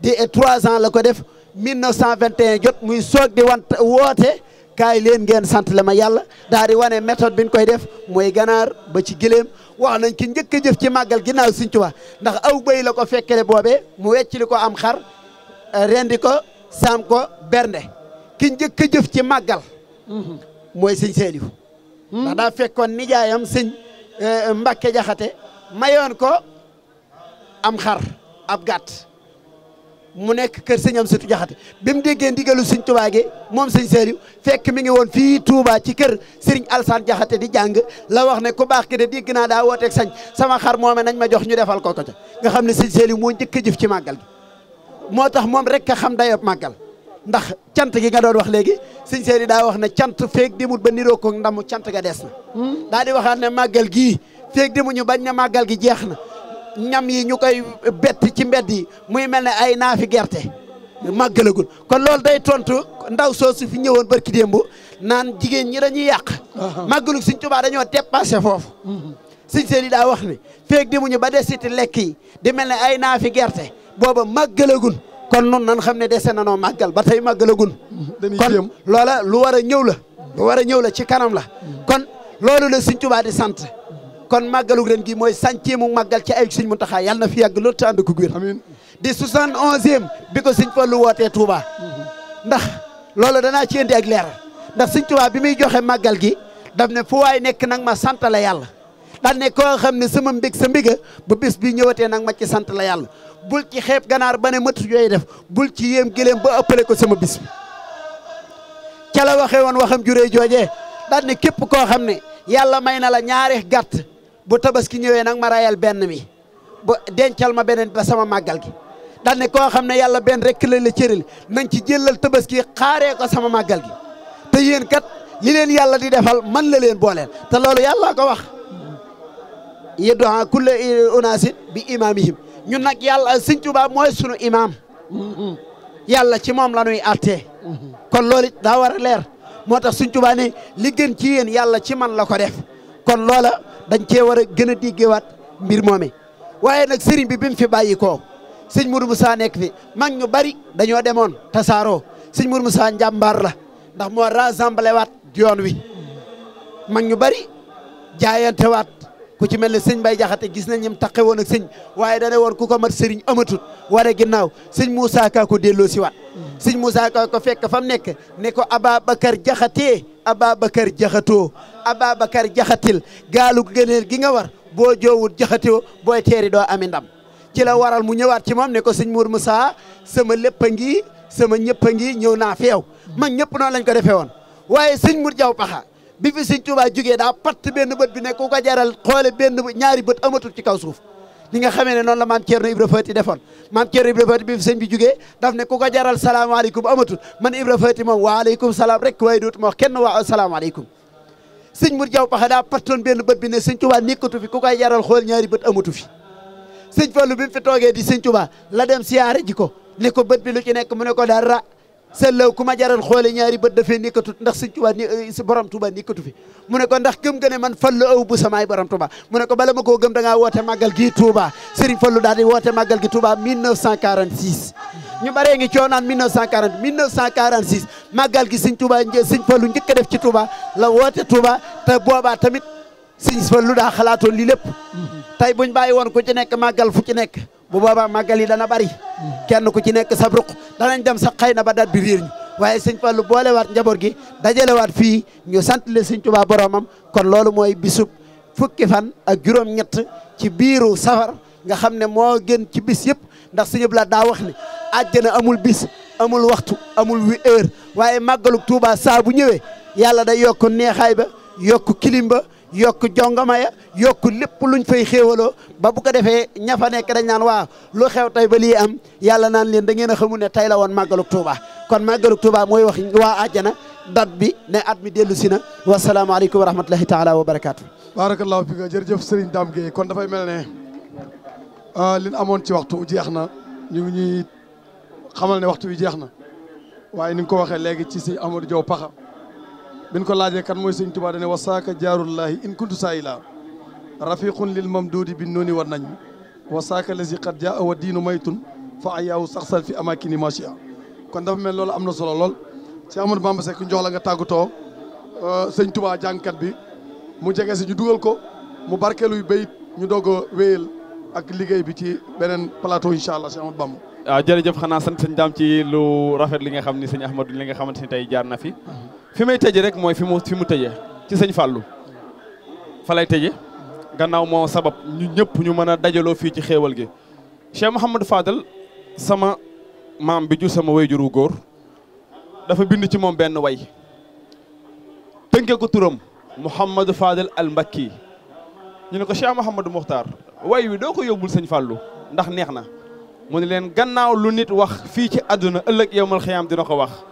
di et trois ans la ko def cent 1921 jot muy soog di want woote kaay leen ngeen sant le ma yàlla daal wane méthode bi koy def mooy ganaar ba ci gileem wax nañ ki njëkk jëf ci màggal ginnaaw Sëñ Tuubaa ndax aw bëy la ko fekkele boobee mu weccili ko am xar rendi ko saam ko bernde ki njëkk jëf ci màggal mooy sëñ Saliou ndax daa fekkoon nijaayam sëñ eh, mbake Jaxate mayoon ko am xar ab gàtt mu nekk kër sëñ am sëtu jaxate bi mu déggee ndigalu sëñ Tuubaa gi moom sëñ Saliou fekk mi ngi woon fii Touba ci kër sëriñ Alsaan jaxate di jàng la wax ne ku baax ki de dégg naa daa wooteeg sañ sama xar moome nañ ma jox ñu defal ko ko ca nga xam ne sëñ Saliou moo njëkk a jëf ci màggal gi moo tax moom rek a xam dayob màggal ndax cant gi nga doon wax léegi sëñ Saliou daa wax ne cant feeg demut ba niroo ko ndamu cant ga dees na hmm? daa di waxaat ne màggal gii feeg ñu bañ ne màggal gi jeex na ñam yi ñu koy bett ci mbedd yi muy mel ne ay naafi gerte màggalagul kon loolu day tontu ndaw soosu fi ñëwoon barki démb naan jigéen ñi dañuy yàq màggalug Sëñ Tuubaa dañoo dépassé foofu mhm. sëñ seen yi daa wax ni feeg di muñu ba desiti lekk yi di mel ne ay naafi gerte booba màggalagun kon nun nan xam ne dese na noo màggal ba tey màggalagun mhm. kon loola lu war a ñëw la lu war a ñëw la ci kanam la mhm. kon loolu la Sëñ Tuubaa di sant kon màggalu ren gi mooy centième mu màggal ci ay mu Muntaxa yàlla na fi yàgg loolu te ànd ko guur amiin di soixante onzième bi ko sëñ Fallu wootee Touba ndax loolu danaa ci indi ak leer ndax sëñ tubaa bi muy joxe màggal gi daf ne fu waay nekk nag ma santale yàlla daan ne koo xam ne sama mbég sa mbiga ba bis bi ñëwatee nag ma ci sant la yàlla bul ci xeeb ganaar ba ne mëtu yooyu def bul ci yéem gëléem ba ëppale ko sama bis bi ca la waxee woon waxam juree joojee daan ne képp koo xam ne yàlla may na la ñaari gàtt bu tabaski ñëwee nag ma benn mi bu dencal ma beneen ba sama màggal gi daan ne koo xam ne yàlla benn rekk la la cëral nañ ci jëlal tabaski xaaree ko sama màggal gi te yéen kat li leen yàlla di defal man la leen booleel te loolu yàlla ko wax yad'u kulla unaasin bi imaamihim ñun nag yàlla Sëñ Tuubaa mooy sunu imaam yàlla ci moom lanuy ñuy kon loolu daa war a leer moo tax Sëñ li gën ci yéen yàlla ci man la ko def kon loola dañ cee war a gën a diggewaat mbir moomee waaye nag sëriñ bi bi mu fi bàyyi koo sëñ Mourou Moussa nekk fi mag ñu bari dañoo demoon tasaaroo sëñ Mourou Moussa njàmbaar la ndax moo rassemblé waat yoon wi mag ñu bari jaayante waat ku ci mel ne sëñ Baye Jaxate gis nañ ñim taqe woon ak sëñ waaye dane woon ku ko mat sëriñ amatut ware ginnaaw sëñ Moussa Ka ko delloo si waat sëñ Moussa Ka ko fekk fa mu nekk ne ko Ababacar Jaxate Ababacar Jaxatoo Ababacar Jaxatil gaalu gëneel gi nga war boo joowut jaxatoo booy teeri doo ami ndam ci la waral mu ñëwaat ci moom ne ko sëñ Mour saa sama lépp a ngi sama ñëpp a ngi ñëw naa fi yow man ñëpp noonu lañ ko defee woon waaye sëñ Mour bi fi sëñ Tuubaa jugee daa patt benn bët bi nekk ko jaral xoole benn ñaari bët amatul ci kaw suuf ni nga xamee ne noonu la maam defoon maam Thierno Ibra Fati bi ne ku ko jaral salaamaaleykum amatul man Ibra Fati moom waaleykum salaam rek waaye dootuma kenn waa salaamaaleykum sëñ Mur Jaw Paxa daa pattoon benn bët bi ne sëñ Tuubaa nekkatu fi ku koy jaral xool ñaari bët amatu fi sëñ Fallu bi mu fi toogee di sëñ Tuubaa la dem siyaare ji ko ne ko bët bi lu ci nekk mu ne ko dara seetlaw ku ma jaral xoole ñaari bët dafee nekkatut ndax sëñ Tuubaa ni eh, si borom Tuubaa nekkatu fi mu ne ko ndax gëm nga ne man fallu aw bu samaay borom Tuubaa mu ne ko bala ma koo gëm da ngaa woote màggal gi Tuubaa Serigne Fallu daal di woote màggal gi Tuubaa 1946 ñu baree ngi coonaan 1940 1946 màggal gi sëñ Tuubaa sëñ Fallu njëkk a def ci Tuubaa la woote Tuubaa te boobaa tamit sëñ Fallu daa xalaatoon lii lépp mm-hmm. tey buñ bàyyi woon ku ci nekk màggal fu ci nekk bu boobaa màggal yi dana bari kenn ku ci nekk sa ruq danañ dem sax xëy na ba dat bi riir ñu waaye sëñ Fallu boolewaat njaboot gi dajalewaat fii ñu sant le sëñ Tuubaa boromam kon loolu mooy bisub fukki fan ak juróom-ñett ci biiru safar nga xam ne moo gën ci bis yëpp ndax sëñ Abdu daa wax ni àjjana amul bis amul waxtu amul wi waaye màggalu Tuubaa saa bu ñëwee yàlla day yokk neexaay ba yokk kilim ba yokk jongama yokk lépp luñ fay xéewaloo ba bu ko defee ña fa nekk dañ naan waaw lu xew tey ba lii am yàlla naan leen da ngeen a xamu ne tey la woon màggaluk Touba kon màggaluk Touba mooy wax waa àjjana date bi ne at mi dellu si na wasalaamaaleykum wa rahmatulahi taala wa barakaatu. baarakallahu fi nga jërëjëf Serigne Dame Gueye kon dafay mel ne ah, li ñu amoon ci waxtu jeex na ñu ngi ñuy xamal ne waxtu bi jeex na waaye ni ko waxee léegi ci si Amadou Diaw Paxa. biñ ko laajee kan mooy sëñ Tuubaa dane wasaaka jaarullahi in kuntu saayila rafiqun lil mamduudi bin nooni war nañ wasaaka lesi qad jaa wa diinu maytun fa ayaawu saxsal fi amakini machia kon dafa mel loolu am na solo lool ci Amadou Bamba Seck njox la nga tàggatoo euh, sëñ Tuubaa jàngkat bi mu jege si ñu dugal ko mu barkeelu yu béyit ñu doog a wéyal ak liggéey bi ci beneen plateau incha allah si Amadou Bamba waaw ah, jërëjëf xanaa sant sëñ daam ci lu rafet li nga xam ni sëñ li nga xamante ni tey jaar na fi fi may tëjee rek mooy fi mu fi mu tëjee ci sëñ Fallou fa lay gannaaw moo sabab ñu ñëpp ñu mën a dajaloo fii ci xéewal gi Cheikh Mouhamadou Fadal sama maam bi jur sama wayjuru góor dafa bind ci moom benn way tënkee ko turam Mouhamadou Fadal al Mbakki ñu ne ko Cheikh Mouhamadou Mokhtar way wi doo ko yóbbul sëñ Fallou ndax neex na moo ne leen gannaaw lu nit wax fii ci àdduna ëllëg yowmal xiyaam dina ko wax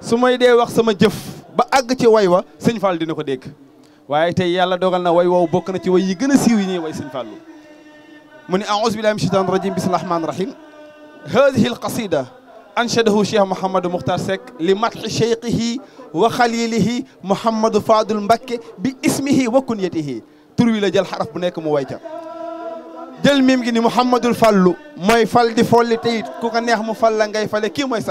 su may dee wax sama jëf ba àgg ci way wa sëñ Fall dina ko dégg waaye tey yàlla dogal na way woowu bokk na ci way yi gën a siiw yi ñuy way sëñ Fallu mu ne aouzu billahi min shaitan rajim bismillahi rahmani rahim hadihi alqasida anshadahu cheikh mouhamadou moukhtar seck li madhi cheikhihi wa xalilihi mouhamadou fadul mbakke bi ismihi wa kunyatihi tur wi la jël bu nekk mu way ca jël miim gi ni mouhamadul fallu mooy fal di folli teyit ku ko neex mu fal la ngay fale kii mooy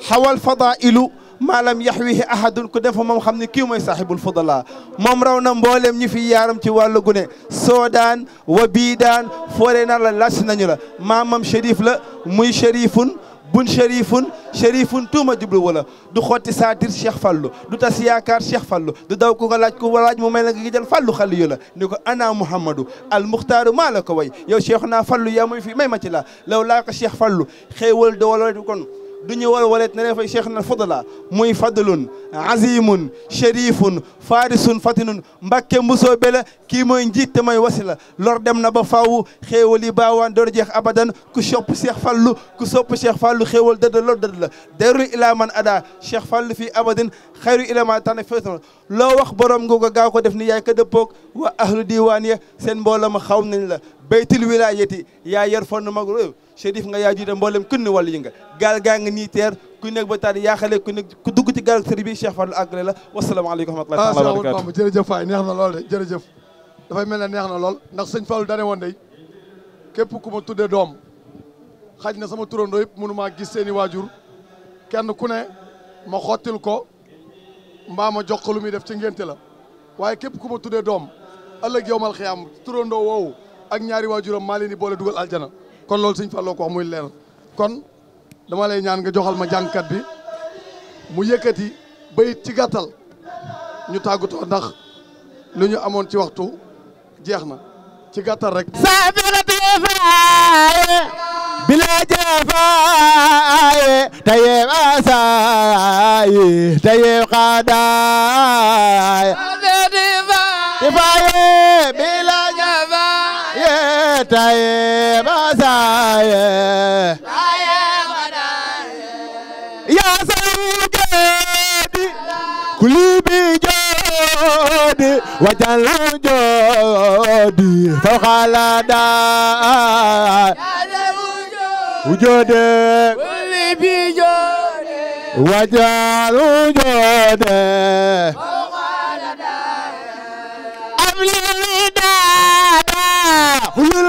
xawal fadailu maalam yaxwihi ahadun ku defa moom xam ne kii mooy saaxibul fudala moom raw na mbooleem ñi fi yaaram ci wàllu gune soodaan wa biidaan foore na la laaj nañu la maamam shérif la muy shérifun bun shérifun shérifun tuuma jublu wala du xotti saatir cheikh fallu du tas yaakaar cheikh fallu du daw ku nga laaj ku walaaj mu may la nga jël fallu xali yu la ni ko ana mouhamadou al muxtaaru maa ko way yow naa fallu yaa muy fi may ma ci la law laa ko cheikh fallu xéewal da wala kon du ñu wal waleet ne fay cheikh na fadala muy fadlun azimun sharifun farisun fatinun mbakke mbusoo bela kii mooy njiit te mooy wasila lor dem na ba faaw xéewal yi baawaan jeex abadan ku sopp cheikh fallu ku sopp cheikh fallu xéewal dëdd lor dëdd la deru ila man ada cheikh fallu fii abadin xayru ila ma tànn loo wax borom nga ko gaaw ko def ni yaay ka dëppoog waa ahlu diwaan ya seen mbooloo ma xaw nañ la baytil wilayati yaa yer fonn mag eh, chérif nga yaa jiite mboolem kënn wàllu yi nga gaal gaa ngi nii ku nekk ba taan yaa xale ku nekk ku dugg ci gaal sëriñ bi Cheikh Fallou àggale la wasalaamaaleykum wa rahmatullahi ah, taala wa barakatu jërëjëf waay neex na lool de jërëjëf dafay mel ne neex na lool ndax sëñ Fallou dane woon day képp ku ma tuddee doom xaj na sama turandoo yëpp mënu maa gis seen waajur kenn ku ne ma xottil ko mbaa ma jox ko lu muy def ci ngénte la waaye képp ku ma tuddee doom ëllëg yowmal xiyaam turandoo woowu ak ñaari waajuram maa leen di boole dugal aljana kon loolu sëñ Fallou ko wax muy leer kon dama lay ñaan nga joxal ma jàngkat bi mu yëkkati bayit ci gàttal ñu tàggatoo ndax lu ñu amoon ci waxtu jeex na ci gàttal rek bila jafaaye tayeem asaaye tayeem xaadaaye taye basaye taye badaye ya sayyidi kulibi jodi wajalu jodi fawqala da wujode kulibi jodi wajalu jodi والمراد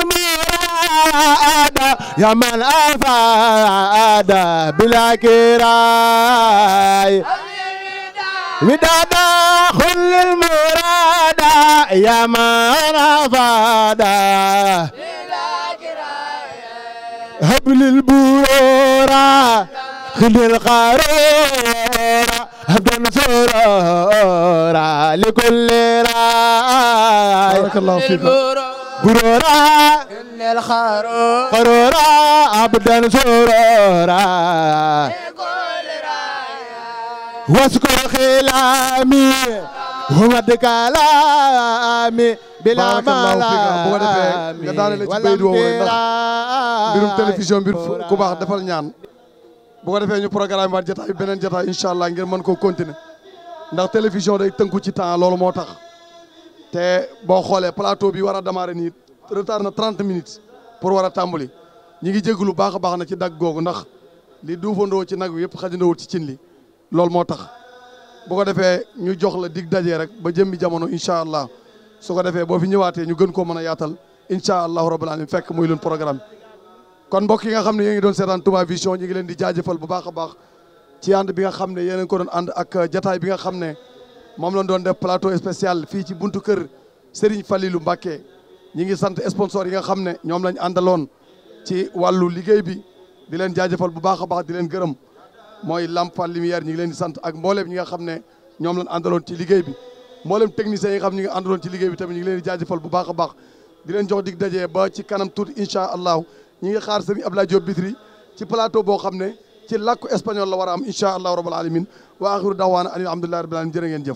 يا من أفاد بلا كراي ودادا خل المراد يا من أفاد هب للبورا خل القرورة هب نصورة لكل راي بارك الله فيك غرورا إن الخرور خرورا عبدا سرورا واسكو خلامي هو دكالامي بلا مالا bu ko defee nga daanale ci bayit woowu ndax mbirum télévision mbir defal ñaan bu ko defee ñu programme waat jotaay beneen jotaay incha allah ngir mën koo continuer ndax télévision day tënku ci temps loolu moo tax te boo xoolee plateau bi war a démarrer nii retard na 30 minutes pour war a tàmbali ñi ngi jégalu baax a baax na ci dagg googu ndax li duufandoo ci nag wi yëpp wu ci cin li loolu moo tax bu ko defee ñu jox la dig dajee rek ba jëmmi jamono incha allah su ko defee boo fi ñëwaatee ñu gën koo mën a yaatal incha allahu rabbil alamin fekk muy luñ programme kon mbokk yi nga xam ne yéen ngi doon seetaan Touba Vision ñu ngi leen di jaajëfal bu baax a baax ànd bi nga xam ne yéen ko doon ànd ak jataay bi nga xam ne moom lañ doon def plateau spécial fii ci buntu kër Serigne Falilou Mbacké ñi ngi sant sponsor yi nga xam ne ñoom lañ àndaloon ci wàllu liggéey bi di leen jaajëfal bu baax di leen gërëm mooy Lamp Fall Lumière ñi ngi leen di sant ak mbooleem ñi nga xam ne ñoom lañ àndaloon ci liggéey bi mbooleem techniciens yi nga xam ñi nga àndaloon ci liggéey bi tamit ñi ngi leen di bu baax a baax di leen jox dig dajee ba ci kanam tuuti incha allahu ñi ngi xaar Serigne Abdoulaye Diop Bitri ci plateau boo xam ne ci làkku espagnol la war a am incha allahu rabbal alamin wa axiru daawaana ani alhamdulillahi rabbil